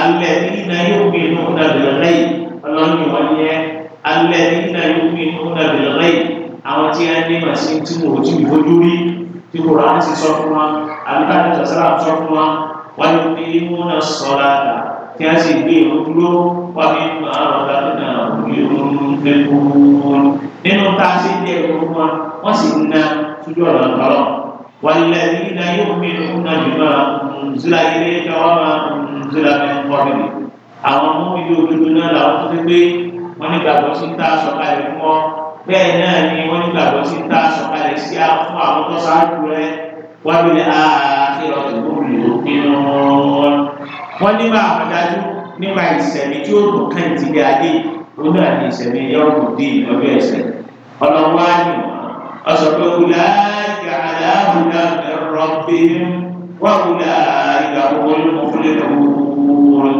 alẹ́ nínú yóò fi inú dàbílẹ̀ lẹ́yìn ọlọ́run ìwọ́n yẹ alẹ́ nínú yóò fi inú dàbílẹ̀ lẹ́yìn àwọn tí wọ́n ní màsí tí wọ́n ò tí ì fojú rí tí kò rántí sọ fún wa àbíkájú sàṣàlà sọ fún wa wáyé pé wọ́n náà sọ láàdá tí a sì gbé ìrúdúró wábí nípa ọ̀dà nínú àwùjọ ìrúdúró nínú tá a sì jẹ́ ìrúdúró wọn wọ́n sì ń na sójú ọ̀nà tọ́lọ̀ wàlẹ̀ nígbà yóò mi ń na jùlọ nzúlá ilé káwọn máa nzúlá mi ń kọ́ mi. àwọn ọmọ mi yóò dúdú náà làwọn tó ti gbé wọn ní gbàgbọ́ sí tá a sọ̀kalẹ̀ fún ọ bẹ́ẹ̀ náà ni wọ́n ní gbàgbọ́ sí tá a sọ̀kalẹ̀ sí fún àwọn tó sáájú rẹ wábìlẹ̀ ààrẹ ọ̀dọ́ wọ́n nígbà àmọ̀dájú nígbà ìsẹ̀mí tí ó dùn kàn ti di adé òun náà ní ìsẹ̀mí yóò kù dé ọjọ́ ẹ̀sẹ̀ ọlọ́wọ́ àyè ọ̀sọ̀ pé wùlá ìgbà aláàbùdá ẹ̀rọ̀ pé wọ́n wùlá ìgbà olóko fúnlẹ̀ lọ́wọ́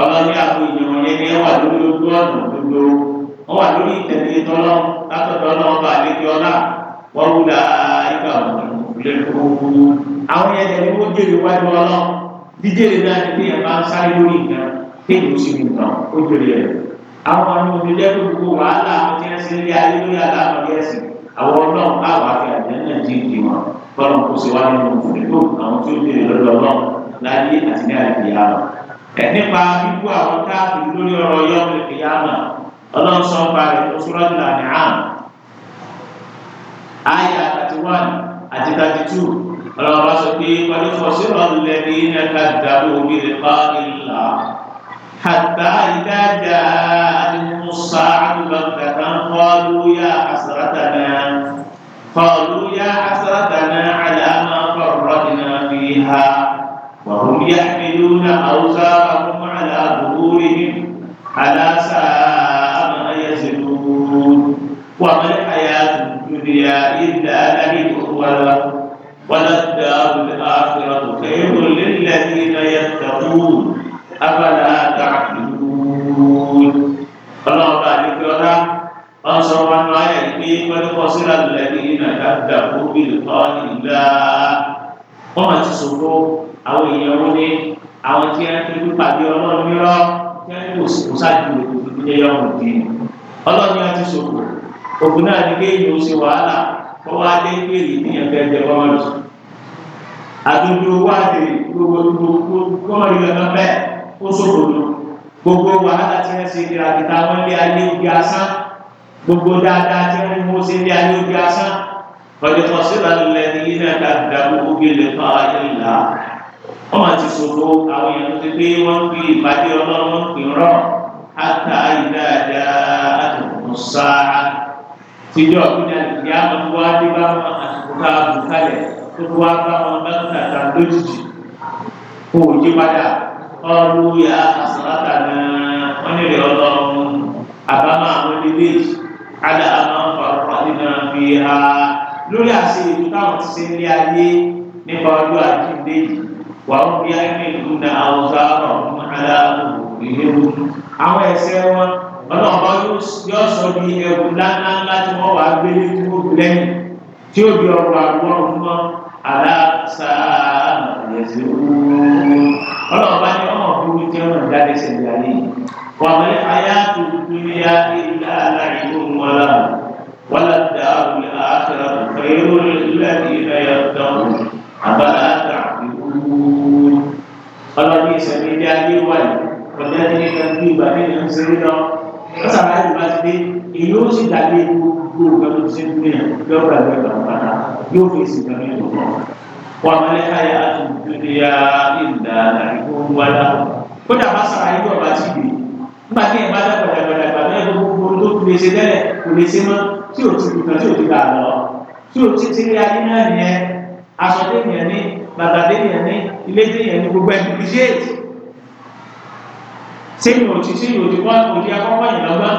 ọlọ́ní àwọn ènìyàn yẹn ní wà lórí ojú ọ̀nà gbogbo wọ́n wà lórí ìtẹ̀lé tọ́lọ́ látọ̀dọ̀ náà bá àlejò ọlá wọ́n wùlá ìgbà olóko fúnlẹ̀ lọ́wọ́ àwọn yẹn tẹ̀lé wọ́n jèrè wájú ọlọ́ọ̀ jíjẹ́rẹ̀ náà ni pé ẹ̀bá ń sáré lórí nǹkan kéèyàn ó sì mú nǹkan ó jèrè rẹ̀. àwọn àwọn òbílẹ̀ tó gbogbo wàhálà àti ẹ̀sìn ilé ayé lórí aláàbọ̀dé ẹ̀sìn àwọn ọlọ́run káwá fi àjẹ́ náà jí ìdí wọn fọlọ́n kó ṣe wá nínú òfin tó àwọn tó jèrè lọ́dọ̀ ọlọ́run láyé àti ní àìyá wọn. ẹ̀ nípa bíbú àwọn káàkiri lórí ọ̀rọ̀ yọ́ọ̀mù ìyáàmà ọlọ́run sọ pa rẹ̀ tó súrọ́ ìlànà àyà ọlọ́ba sọ pé pẹ̀lú fọ́sílọ̀ lẹ́ni ẹ̀ka حتى إذا جاءتهم الساعة بغتة قالوا يا حسرتنا قالوا يا حسرتنا على ما فرطنا فيها وهم يحملون أوزارهم على ظهورهم على ساعة ما يزنون وما الحياة الدنيا إلا لهو ولهو وللدار الآخرة خير للذين يتقون أفلا تعقلون الله بارك لنا أنصر عن آياته قد خسر الذين كذبوا بلقاء الله وما تسروا أو يروني أو تيأتي بقدر الله ميرا kẹ́kọ̀ọ́ kò sáájú ìdílé ọmọdé ọlọ́ni àti ṣòkò ògùn náà ní kéèyàn ó ṣe wàhálà kọ́ wá dé péré níyàn fẹ́ jẹ kọ́ máa lọ sùn. àdúgbò wá dé gbogbo gbogbo kọ́ máa yọ ọ̀nà bẹ́ẹ̀ ó sòrò lọ gbogbo wàhálà tí wọ́n ṣe ìdíra kìtà wọn lé ayé òbí asán gbogbo dáadáa tí wọ́n mú sí lé ayé òbí asán ọ̀dẹ̀ kan síra lulẹ̀ ní ilé ẹ̀ka ìdàgbò gbogbo ilẹ̀ fún àwọn ayé ńlá wọ́n máa ti sòro àwọn èèyàn tó ti pé wọ́n fi ìpàdé ọlọ́run pè rán àtà ìdáadáa àtùkù sáà tíjọ́ àkúnyà ìyá ọ̀túnwá débá àtìkúta àbùkálẹ̀ tó tó wá bá wọn bá tàtà lójijì kó o yí padà ọ̀rọ̀ ya àsàlátà náà wọ́n ní ìrẹ̀ ọlọ́run àbámọ̀ àwọn ilé àdá àwọn ọ̀pọ̀ nínú fi ha lórí àṣẹ ètò táwọn ti ṣe ní ayé nípa ọjọ́ àjíǹde yìí wàá wọ́n bí ayé ní ìlú náà àwọn ọ̀hún aláàbò ìlú àwọn ẹ̀ṣẹ̀ wọn ọlọ́ọ̀bọ yóò sọ di ẹ̀wù ńláńlá ńlá tí wọ́n wà gbélé tí wọ́n gbé lẹ́yìn tí ó di ọrọ̀ àwọn ọ̀run mọ́ aláṣáà yẹ̀sẹ̀ wúwo ọlọ́ọ̀bá ni ọmọ òbí jẹ́ bí ìgbà nínú ìṣẹ̀lẹ̀ náà wọ́n sàrà yìí bá ti dé èyí ó sì dàgbé gbogbo nǹkan tó ti ṣe fún yẹn lọ́wọ́ àgbẹ̀ gbàgbọ́ta yóò fi èsì kan nínú wọn. wà á lẹ́ káyà àti dúdúyà ìlà àdìgbò wàlá. kódà bá sàrà yìí bọ̀ bá ti dè nígbà tí ẹ̀ bá dá gbàdàgbàdàgbà náà gbogbo tó kù lè ṣe tẹ́lẹ̀ kò lè ṣe mọ́ tí ò ti dùkàn tí ò ti gbà lọ. tí ò ti ti rí ayé náà nìyẹn aṣọ sẹ́yìn òtí sẹ́yìn òtí wá òtí akọ́kọ́ yìí lọ́gbà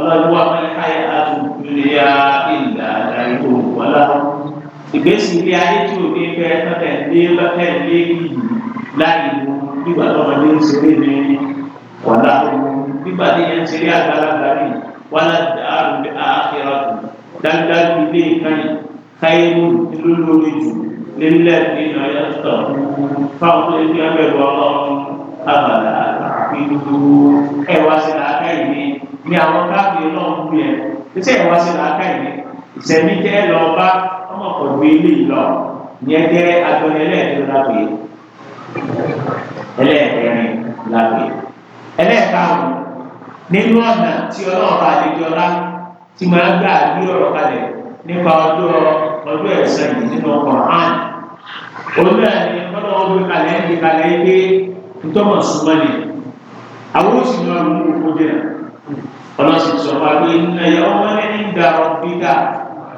ọlọ́dúnwà mẹ́ta yà á tún lè ya ìlà àdáyébò wọlá ìgbésí ilé ayé tí òde fẹ́ tọ́tẹ̀ lé lọ́tẹ̀ lé yìí láàyè mu nígbà tọ́mọdé ń ṣeré ní wọlá mu nígbà tí yẹn ń ṣeré àgbàlagbà rí wọlá àrùn àkẹrọ dájúdájú ilé ìkànnì káyémù lólórí jù nílẹ̀ nínú ẹ̀yà sọ̀rọ̀ fáwọn tó ń gbé abẹ́bọ̀ ọlọ́run pé gbogbo ẹwà sí làákà ìní ni àwọn káàkiri ọlọ́run kú yẹn títí ẹwà sí làákà ìní ìsẹ̀mí jẹ́ lọ bá ọmọkọ̀wé ilé ìlọ ìyẹn jẹ́ agbọ̀nẹ ẹlẹ́ẹ̀kẹ́ lápè ẹlẹ́ẹ̀kẹ́rin lápè ẹlẹ́ẹ̀kárùn nínú ọ̀nà tí ọlọ́run bá lè jọlá tí máa gbà bí ọ̀rọ̀ kalẹ̀ nípa ọjọ́ ọjọ́ ẹ̀sán yìí nínú Kùránì olú ẹ̀ ní ọlọ́run gbé kalẹ̀ ń gbé kalẹ̀ yìí pé ntọ́mọ̀ súnmọ́ ni àwọn oṣù náà mú òkú jẹ ọlọ́sìn sọ wá pé nínú ẹ̀yà ọmọ ẹni ń gba ọbí ká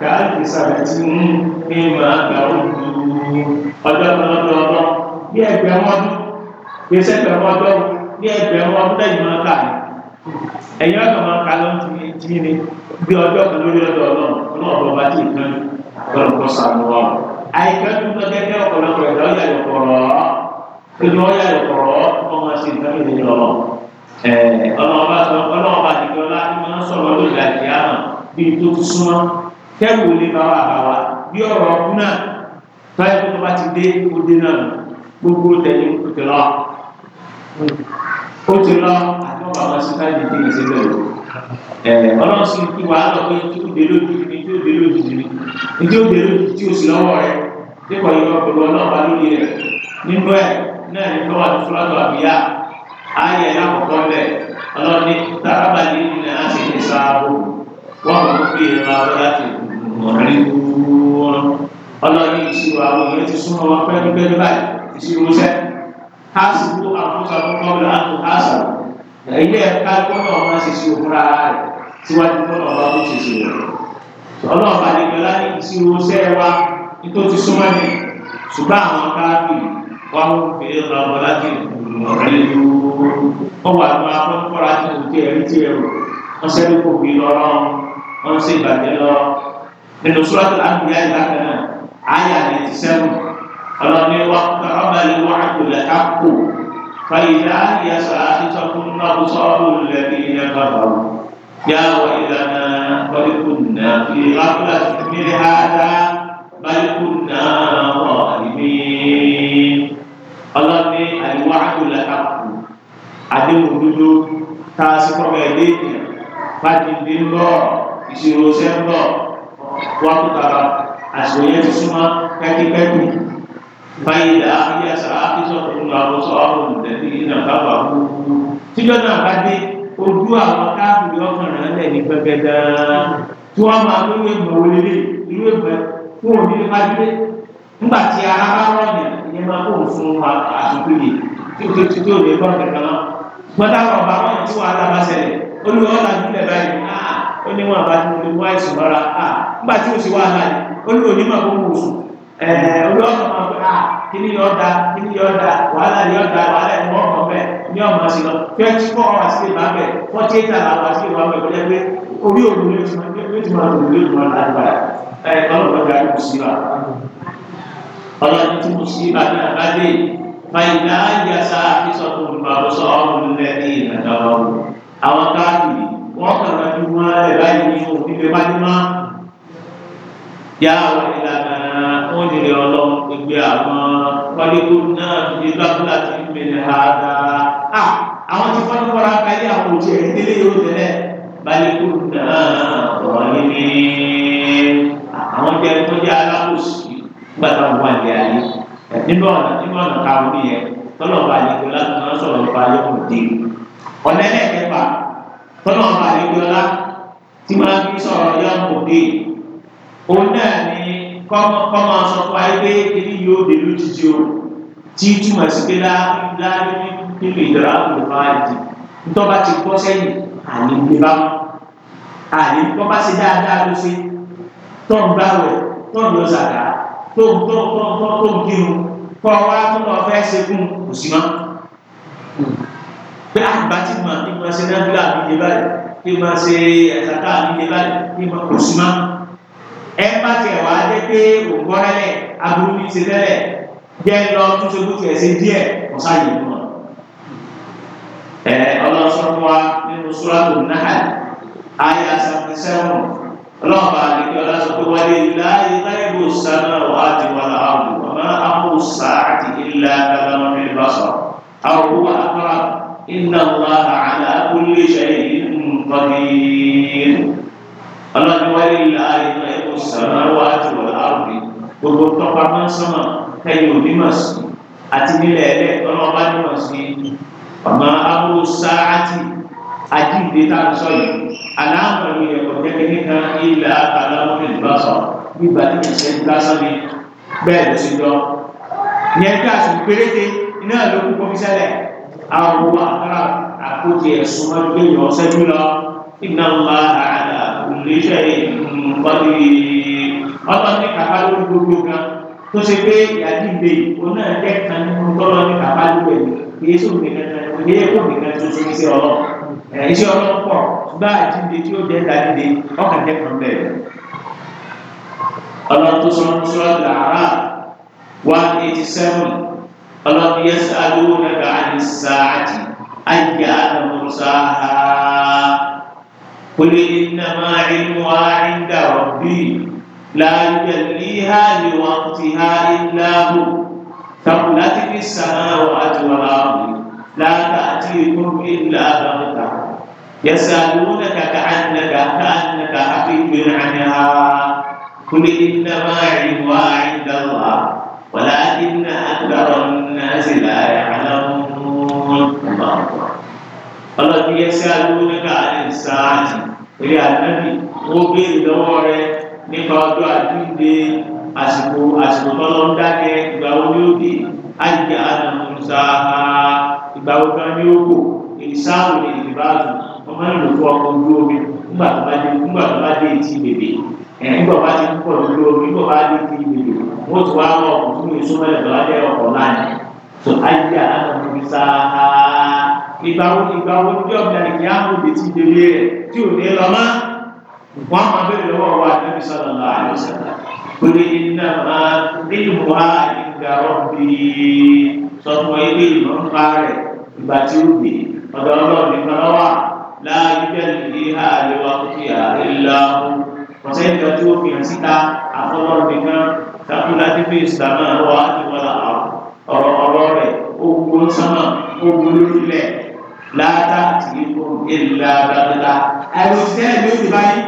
káàkiri sábẹ̀ tí ń ní màá gba òkú ọjọ́ ọlọ́dọ̀ ọlọ́ bí ẹgbẹ́ wọn bí sẹ́gbẹ́ wọn dọ́ bí ẹgbẹ́ wọn lẹ́yìn máa kà ní ẹ̀yìn ọ̀dọ̀ máa kà lọ́n ti ti ní bí ọjọ́ kan lórí ọdọ̀ ọlọ́run ọlọ́run bá ti kán ọlọ́run kọ́ sàánú wa àìkánjú tó gẹ́gẹ́ ọ̀pọ̀lọpọ̀ ẹ̀dá ọ̀yà ìkọ̀rọ̀ ọ̀yà ìkọ̀rọ̀ Eh, ọlọ́ọ̀bá sọ ọlọ́ọ̀bá nìkan lá ní wọ́n sọ̀rọ̀ lórí àjẹ́ àmọ̀ bí n tó ti súnmọ́ kẹ́wò lè bá wà bá wa bí ọ̀rọ̀ ọkùn náà táyà tó tó bá ti dé ó dé náà gbogbo tẹ̀lé ó ti lọ ó ti lọ àti ọ̀bà wọn sí káyọ̀ dé ìṣẹ̀lẹ̀ o ọlọ́run sì ń kí wa lọ pé tí ó dé lójijì ni tí ó dé lójijì ni ni tí ó dé lójijì tí ó sì lọ́wọ́ rẹ̀ dípò ìlọ́pọ̀lọ́ ọlọ́ọ̀bá lórí rẹ̀ nínú ẹ̀ náà ní ayẹ náà kọ́ bẹ̀ ọlọ́ni tábà ní ìpínlẹ̀ náà sì ní sáàbù wọ́n mú kí ẹ máa wọ́n láti mọ̀rí wọ́n ọlọ́ni ìṣirò àwọn èèyàn ti súnmọ́ wọn pẹ́ẹ́pẹ́ẹ́ báyìí ìṣirò sẹ́ hásìkò àwọn sọ̀rọ̀ kọ́bìlà àtò hásìkò ilé ẹ̀ka gbọ́dọ̀ wọn ṣe ṣe òkúra rẹ̀ síwájú gbọ́dọ̀ wọn kó ṣe ṣe rẹ̀ ọlọ́ọ̀bà àdìgbẹ́lá ní ìṣirò sẹ́ wa nítorí súnmọ́ ni ṣùgbọ́n àwọn káàkiri wọn fi ń lọ bọ́ láti ọ̀rẹ́ lóò ọwọ́ àgbà akọ́kọ́ra tó ń ké ẹ̀rí tiẹ̀ rò wọ́n sẹ́ni kò bí lọ́rọ́ wọ́n ń ṣèbàjẹ́ lọ. nínú sọ́ọ́tù àgbẹ̀yà ìbákan náà àyà rẹ̀ ti sẹ́wọ̀n ọlọ́ni wa ọbalẹ̀ wà àgbẹ̀lẹ̀ àpò fàyídà àyàsọ̀ àtìsọ́kùn náà kó sọ́ọ́rù lẹ́bi يا ويلنا بل كنا في غفلة من هذا بل كنا ظالمين الله ni àdìwọ́ àdùlẹ̀ àpò àdéhùn dúdú tá a sì kọ́mọ ẹ̀ léèkì fàdìdì ń lọ ìṣirò ṣẹ́ ń lọ wọ́n tó tara àṣìwò yẹn ti súnmọ́ kẹ́kíkẹ́kù báyìí dà á yẹ sà á fi sọ̀rọ̀ nínú àwọn sọ àwọn olùtẹ̀lé iná bàbá wúwú tíjọ́ náà bá dé ojú àwọn káàkiri ọkùnrin náà lẹ̀ ní pẹpẹ dáa tí wọ́n máa ló yẹ mọ̀ wọlé irú ẹ̀gbẹ́ fún òní ní pàdé nígbà tí ara bá rọ̀yàn ìyẹn máa kó fún àtúntò yìí tí ó ti tó lè bá náà mọ́tà wọn bá wọn tí wàhálà bá ṣẹlẹ̀ olùwà ọ̀là nílẹ̀ báyìí ó ní wọn àbájú ní wọn àìsàn lọ́ra nígbà tí o sì wà láyé olùwà onímọ̀ kó wò sùn olùwà ọ̀nà ọ̀gá kíní yọ̀ da kíní yọ̀ da wàhálà yọ̀ da wàhálà yọ̀ wọ́n kọ̀ bẹ́ẹ̀ ní ọmọ sí lọ twenty four hours lè bá bẹ̀ forty eight hours lè bá bẹ̀ kọjá pé orí òògùn yóò ti máa yóò ti máa lò lórí òògùn àgbàlá ẹ̀ ọlọ́run ọ̀gá yóò sí wa ọlọ́run tí mo sí ìbàdàn fàyìnà yasa ìsọ̀tún ìbàdọ́sọ̀ ọ̀hún lẹ́ni ìrìnàjò àwọn káàkiri wọ́n kàrà ju wọn rẹ̀ báyìí ní òfin lè wá ní má. yá àwọn ìlànà onílé ọlọ́run gbogbo àwọn pálíkù náà ní bákúlà ti ń bẹ̀rẹ̀ ha dára. a àwọn tí wọ́n ń wọ́ra káyé àwọn òjì ẹ̀rí délé yóò tẹ̀lé pálíkù náà ọ̀rọ̀ ní àwọn jẹ́ tó jẹ́ alákòóso gbàtà wọn wà ní nínú ọ̀nà nínú ọ̀nà táwọn yẹn tọ́lọ̀ba àlejòlá tó náà sọ̀rọ̀ nípa yọ̀kùn dé ọ̀nà ẹlẹ́ẹ̀kẹfà tọ́lọ̀ba àlejòlá tí wọ́n fi sọ̀rọ̀ yọ̀kùn dé òun náà ni kọ́mọ sọ fún ayé pé kiri yóò dé lójijì o tí túmọ̀ sí pé láàrín nínú ìdọ̀rọ̀ àkùnrin fáwọn ntọ́ba ti kọ́ sẹ́yìn àní ní bá àní tọ́ba ṣe dáadáa ló ṣe tọ́ǹgbà rẹ̀ tọ́ǹgbà tó ń tó ń tó ń tó ń tó ń kírun kọ́ wa tó lọ fẹ́ sekun kò sí mọ́. pé àgbà tí mà kí n máa ṣe nábìlà mi dé báyìí kí n máa ṣe ẹ̀sàkà mi dé báyìí kí n máa kò sí mọ́. ẹ bá tiẹ̀ wá dé pé òun gbọ́ rẹ́lẹ̀ aburú mi ti rẹ́lẹ̀ jẹ́ lọ túnṣe bó tiẹ̀ ṣe díẹ̀ ọ̀sá yìí mọ́. ẹ ọlọ́sọ̀rọ̀ wa nínú sọ́lá tó náà àyà sàmùsẹ́wọ̀n ọlọ́ọ̀bà àdìgbò ọlọ́sọ̀kọ́ wọlé láàyè láìbò sánà wà á ti wà láàbù ọmọ àmú sàáàtì ilà kàlámà fil basar aw huwa aqrab inna Allaha ala kulli shay'in qadir ọlọ́ọ̀bà wọlé láàyè láìbò sánà wà á ti wà láàbù gbogbo tọ́pá máa ń sánà kẹyìn òní mà sí àti nílẹ̀ ẹ̀lẹ́ ọlọ́ọ̀bà ní mà sí ọmọ àmú sàáàtì àjíǹde tá a sọ yìí aláǹfààní rẹ̀ kò jẹ́ kíní kan ilẹ̀ àtàlámọ́ ìbáṣọ nígbà tí kì í ṣe lásán ni bẹ́ẹ̀ ló ti lọ. yẹn kíláàsì péréte iná ló kú kọ́mí sẹ́lẹ̀ àwọn owó àkàrà àkójẹ ẹ̀sùn wọn gbé yọ sẹ́jú lọ iná ńlá àdá olùléṣẹ́ ìmùkọ́lì ọlọ́ ní kàkà lórí gbogbo kan tó ṣe pé ìyàdíbe oná ẹ̀kẹ́ kan nínú tọ́lọ́ ní kàkà lórí ẹ̀ iṣẹ́ ọlọ́run pọ̀ ṣùgbọ́n àjíǹde tí ó jẹ́ ìdádìde ọkàn jẹ́ kan bẹ́ẹ̀. ọlọ́run tó sọ ní sọ́ọ́ làárà one eighty seven ọlọ́run yẹ sáájú nàgà ní sáájì ayé àdàmúsá kúlẹ̀ innama ilmuha inda rabbi la yujalliha li waqtiha illa hu tàbùlátìbí sàmáwá àti wàhálà ọ̀gbìn. لا تأتيكم إلا بغتة يسألونك كأنك كأنك حفي عنها قل إنما علمها عند الله ولكن أكثر الناس لا يعلمون الله أكبر الله يسألونك عن الساعة يا النبي وبين دوره nípa ọjọ́ àdúgbò àsìkò àsìkò tọ́lọ́ ń dákẹ́ ìgbà wo ni ó ìgbà ọgbà ní oko ìsáàmù ní ìdìbàdù ọmọ náà lò fún ọkọ̀ ojú omi nígbà tó bá dé nígbà tó bá dé etí bèbè ẹ̀ nígbà bá ti pọ̀ lójú omi nígbà bá dé etí bèbè wọ́n ti wá wọ ọkọ̀ fún èso mẹ́rin tó bá dé ọkọ̀ láàyè tó ayé àlọ́ mi sáà ìgbà wo ìgbà wo ní ọ̀gbìn àdìgí àmú etí bèbè rẹ̀ tí ò ní lọ mọ́ wọn máa bẹ̀rẹ̀ lọ́wọ́ wa níbi sọ̀rọ̀ lọ́wọ́ àyọ̀sẹ̀ kuli innama ilmuha inda rabbi sọ fún ìgbà tí ó gbé ọ̀dọ̀ ọlọ́run nípa lọ́wọ́ láàyè bẹ́ẹ̀ ní ha àríwá kókè àríwá ọ̀sẹ̀ ìjọ tí ó fi hàn síta àfọlọ́run nìkan tàbí láti fi ìsàmà wá ìwọlà ọ̀rọ̀ ọ̀rọ̀ rẹ̀ ogun sánmà ogun lórílẹ̀ láàdá tìlí fún ìlà dáadáa àìsíṣẹ́ ìlú ti báyìí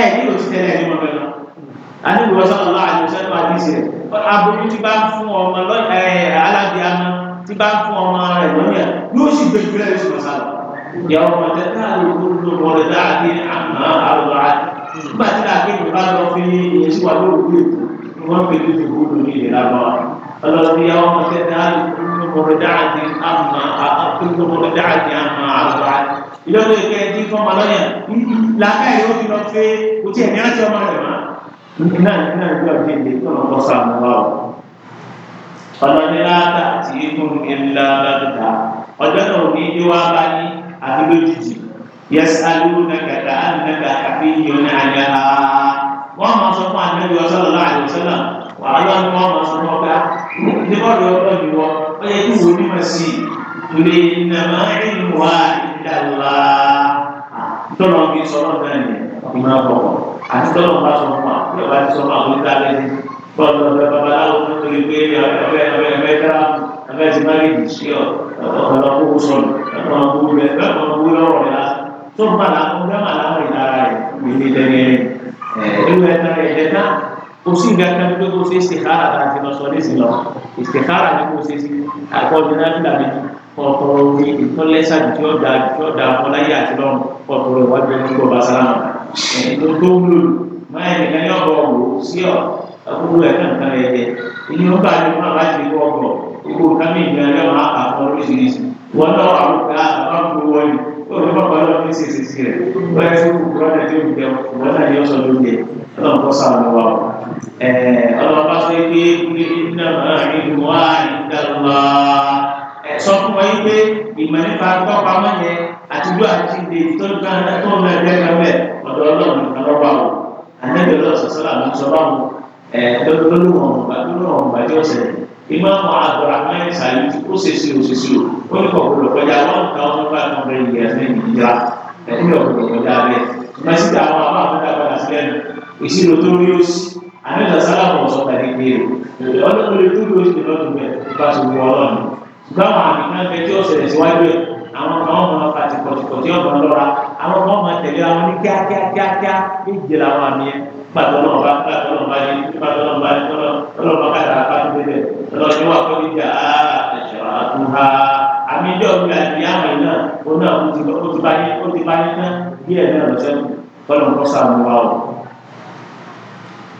ẹ̀ ní òṣìṣẹ́ ẹ̀ ní mọ̀mẹ́ lọ. àníwòsàn ọlọ́ àjọṣẹ́ náà àdìsẹ̀ aburú ti bá ń fún ọmọ lọ́yẹ̀ alábìámọ́ tí bá fún ọmọ rẹ̀ lọ́yà yóò sì gbé ìgbé rẹ̀ sọ̀rọ̀ sálọ. ìyàwó ọmọdé náà ló kó ló mọ rẹ̀ láàbí àmà àlọ́ rẹ̀. nígbà tí làákéjì bá lọ fi ìyẹn sí wa lóòrùn lè kú ni wọ́n fi dúdú kó lórí ìlera wa. ọlọ́run ìyàwó ọmọdé náà ló kó ló mọ rẹ̀ láàbí àmà àlọ́ rẹ̀. ìlọ́dọ̀ ìkẹ́ ẹjí fún ọmọ lọ́yà làákàyè ó fi lọ pé kò tí ẹ̀mí rántí ọmọ rẹ̀ mọ́. تأتيكم إلا بغتة ọjọ́nà òní yóò wá bá ní àti lójijì yasalunaka ka'annaka hafiyyun anha wọ́n máa sọ fún Ànábì sallallahu alaihi wasallam wàá lọ ní wọ́n máa sọ fún ọ̀gá ah, níbọ̀dọ̀ ọ̀dọ̀ ni wọ́n ó yẹ kí wòlíì máa sí i lè nà máa ń rìn wá ìdàlá tọ́lọ́ bí sọ́nà náà ni ìmọ̀ ọ̀pọ̀ àti tọ́lọ́ bá sọ fún wa bí bọ́ọ̀lù ọ̀bẹ babaláwo tó torí pé ọ̀bẹ ọ̀bẹ ọ̀bẹ dá ọ̀bẹ ti má lè jù sí ọ ọ̀bẹ kókó sọ̀rọ̀ ọ̀bẹ ọ̀bú rẹ ọ̀bẹ ọ̀bú lọ́wọ́ rẹ la tó ń bala ọ̀bẹ má la wọ̀ ìlara rẹ ìdí lẹ́yìn ẹ̀ẹ́dẹ́gbẹ́ ẹ̀ta ẹ̀ẹ́dẹ́ta kò sí ìgbà kan pé kò sí ìsèkára àti lọ́sọ̀ lẹ́sìn lọ ìsèkára ni kò sí àkọ́bìnrin àbílàbí ọ̀tọ̀rọ̀ orí ìtọ́lẹ́sà tí ó dáa tí ó dáa ọláyé àti lọ́run ọ̀tọ̀rọ̀ ìwádìí ẹni tó bá sára mọ́ ẹni tó tó wúlò máa ẹnìkan yọ̀ bọ̀ wò sí ọ̀ àbúrò ẹ̀ náà kan ẹ̀jẹ̀ ìní ó bá yẹn máa bá ti wọ́ ọ̀gbọ̀ gbogbo kámi ìgbà yẹn máa kà fún oríṣiríṣi wọn náà wà lóka àbá ń gbowó ẹni ó lè má bàa lọ́ọ́ ṣe ṣe rẹ̀ wọ́n ti kú kúrọ́ náà tí ó jẹ wọn náà yọ sọ lóúnjẹ ọlọ́run kọ́ sáà ló wà ọlọ́run bá fẹ́ gbé kúlé nínú àárín ìlú wa ìdàgbà sọ fún wa yí pé ìmọ̀ nípa tọ́pamọ́ yẹn àti ìlú àti ìdè tó ń gbà tó ń lọ ẹgbẹ́ kan bẹ́ẹ̀ ọ̀dọ́ ọlọ́run kan lọ́wọ́ àwọn àlejò lọ́sọ̀ọ́sọ́ làwọn sọ báwọn lọ́dún ọ̀nùbá lọ́dún ọ̀nùbá tí ó ṣẹlẹ̀ ìmáàmù Abdulrahman Sàlì ó ṣe sí òṣè sí o ó ní kọ̀ọ̀kọ̀ kọjá one thousand five hundred years ní ìdíjà ẹ̀kú ní ọ̀kọ̀ọ̀kọ̀ kọjá rẹ̀ ìmọ̀ sí àwọn àwọn àbúdá padà sílẹ̀ ìṣirò tó rí òsì àmẹ́ta sálámù ọ̀sán tàbí pé o o o ọlọ́dún lè dúró oṣù lọ́dún bẹ̀ bá ti wọ ọlọ́run gbáwọn àmì náà fẹ́ tí ó ṣẹlẹ̀ síwájú ẹ̀ àwọn kan ọmọ pàtìkọ̀tìkọ̀tì ọmọ lọ́ra àwọn kan ọmọ tẹ̀lé àwọn ní kíákíákíá ìjìlá àwọn àmì yẹn gbàtọ́ náà bá gbàtọ́ náà bá yé gbàtọ́ náà bá yé tọ́lọ́ bá kàtà bá tó dé bẹ̀ tọ́lọ́ ní wà kọ́ níjà ẹ̀ṣọ́ àtúnhà àmì ìjọ mi àti àwọn yìí náà ó náà ó ti ó ti bá yé ó ti bá yé náà bí ẹ̀ náà lọ́sẹ̀ tọ́lọ́ ń kọ́ sàmù wa o.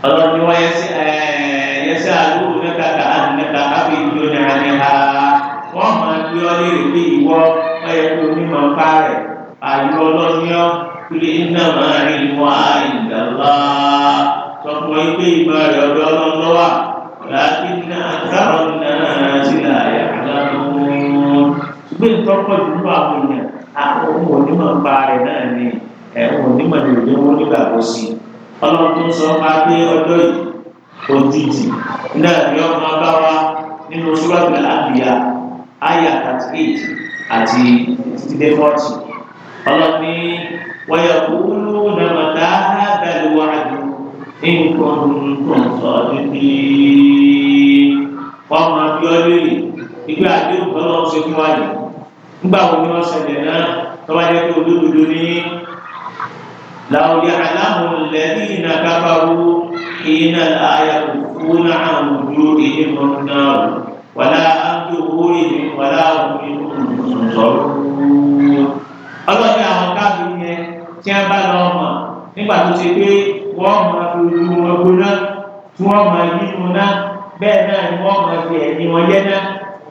ọlọ́ni wa yẹsẹ̀ yẹsẹ̀ àlùkò mẹ́ta kà á mẹ́ta á fi ìjọ ní àní ha wọ́n máa gbé ọ kúlé iná máa rí wá ìdàlá tọpọ ilé ìgbà rẹ ọ̀dọ̀ ọlọmọ wa láti ní àtàwọn náà sí láyà lọ́wọ́. gbé ìtọ́pọ̀ jùlọ àwọn èèyàn àwọn ohun onímọ̀ ń ba rẹ̀ náà ni ẹ̀hún onímọ̀ ní òde wọn nígbàgbọ́ sí i. ọlọ́run tó ń sọ máa gbé ọjọ́ yìí òjijì náà ni ọmọ bá wa nínú sùrọ̀tì àbíyá àyà thirty eight àti títí dé ọlọ́run ní. ويقولون متى هذا الوعد إن كنتم صادقين فما بيولي ìgbé àdéhùn tọ́lọ́ ṣe fún wa yìí nígbà wo ni wọ́n ṣẹlẹ̀ náà tọ́ba jẹ́ pé olódodo ní làwọn aláhùn lẹ́yìn iná kábàrú iná láyà òkú náà àwùjọ èyí mọ́ náà wàlá àjò owó èyí wàlá àwọn ènìyàn sọ̀rọ̀ ọlọ́dẹ àwọn ká tí wọ́n bá lọ mọ̀ nígbà tó ṣe pé wọ́n máa fi ojú wọn gbóná tí wọ́n máa yí wọn ná bẹ́ẹ̀ náà ni wọ́n máa fi ẹ̀yìn wọn yẹ́ ná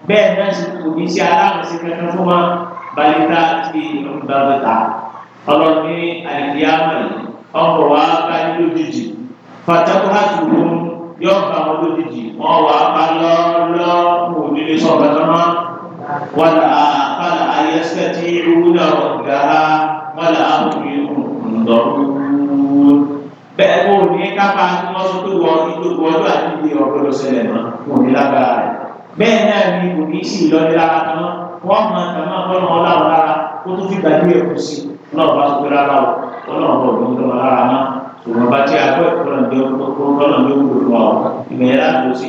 bẹ́ẹ̀ náà sì kò ní sí aláàmì sí kankan fún wọn balita ti ọ̀dọ́dọ́ta ọlọ́run ní àìdíyàmọ̀ yìí ọkọ̀ wa bá ní lójijì fàtẹ́kùrá tù wọn yọ bá wọn lójijì wọn wà bá lọ́ọ́lọ́ kò nílé sọ̀rọ̀ tọ́mọ́ wọn là á fàlà ayẹsẹ̀ tí ìrú náà gbàrà wọ́n là á kú ńdọ́rùn-ún bẹ́ẹ̀ kó o ní kápá lọ sọ pé wọ́n ní gbogbo ọdún àti ọgbọ́dọ̀ ṣẹlẹ̀ mọ́ kò ní lágbára rẹ̀ bẹ́ẹ̀ náà ni kò ní sí ìlọ́ni lára kan wọ́n mọ tàmá ọlọ́run ọlọ́run lára kó tó fi gbàgbé ẹ̀kú sí ọlọ́run bá tó pé rárá o ọlọ́run bọ̀ ọ̀gbọ́n tó lára náà ṣùgbọ́n bá tí a gbọ́ ìkọlọ́n bí ọlọ́run bí ó wù lọ ìgbẹ̀yẹ láti ó sì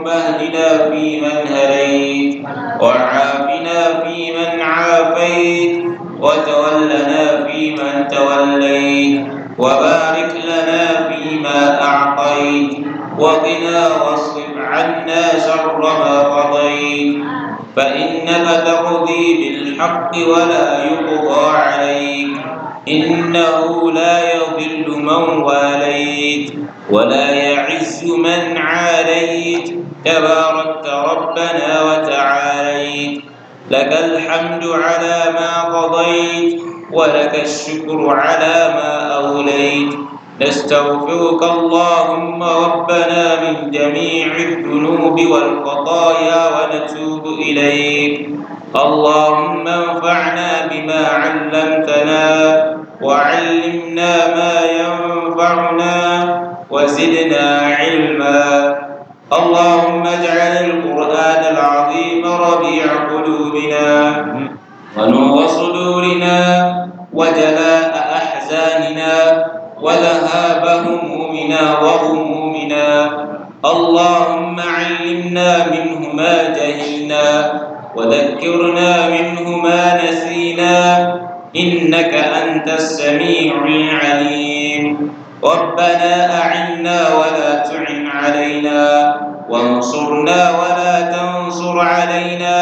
اللهم اهدنا فيمن هديت وعافنا فيمن عافيت وتولنا فيمن توليت وبارك لنا فيما أعطيت وقنا واصرف عنا شر ما قضيت فإنك تقضي بالحق ولا يقضى عليك إنه لا يضل من واليت ولا يعلم تباركت ربنا وتعاليت لك الحمد على ما قضيت ولك الشكر على ما أوليت نستغفرك اللهم ربنا من جميع الذنوب والخطايا ونتوب إليك اللهم انفعنا بما علمتنا وعلمنا ما ينفعنا وزدنا علما اللهم اجعل القرآن العظيم ربيع قلوبنا ونور صدورنا وجلاء أحزاننا وذهاب همومنا وغمومنا اللهم علمنا منه ما جهلنا وذكرنا منه ما نسينا إنك أنت السميع العليم ربنا أعنا ولا تعن علينا وانصرنا ولا تنصر علينا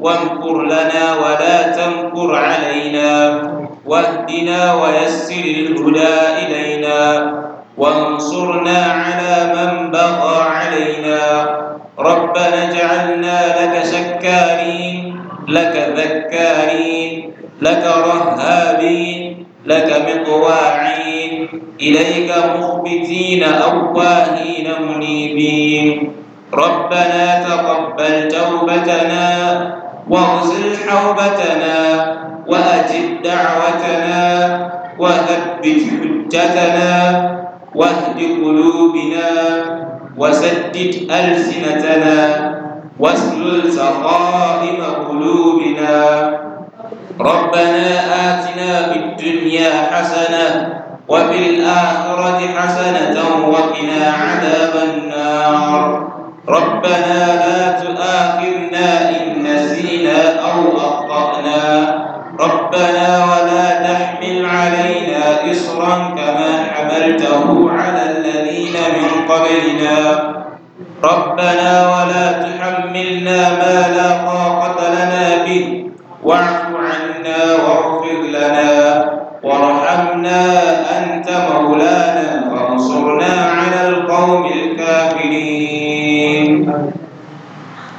وامكر لنا ولا تمكر علينا واهدنا ويسر الهدى إلينا وانصرنا على من بغى علينا ربنا اجعلنا لك شكارين لك ذكارين لك رهابين لك مطواعين إليك مخبتين أواهين منيبين ربنا تقبل توبتنا واغسل حوبتنا وأجب دعوتنا وثبت حجتنا واهد قلوبنا وسدد ألسنتنا واسلل سقائم قلوبنا ربنا آتنا في الدنيا حسنة وفي الآخرة حسنة وقنا عذاب النار ربنا لا تؤاخذنا إن نسينا أو أخطأنا ربنا ولا تحمل علينا إصرا كما حملته على الذين من قبلنا ربنا ولا تحملنا ما لا طاقة لنا به واعف عنا واغفر لنا وارحمنا أنت مولانا فانصرنا على القوم الكافرين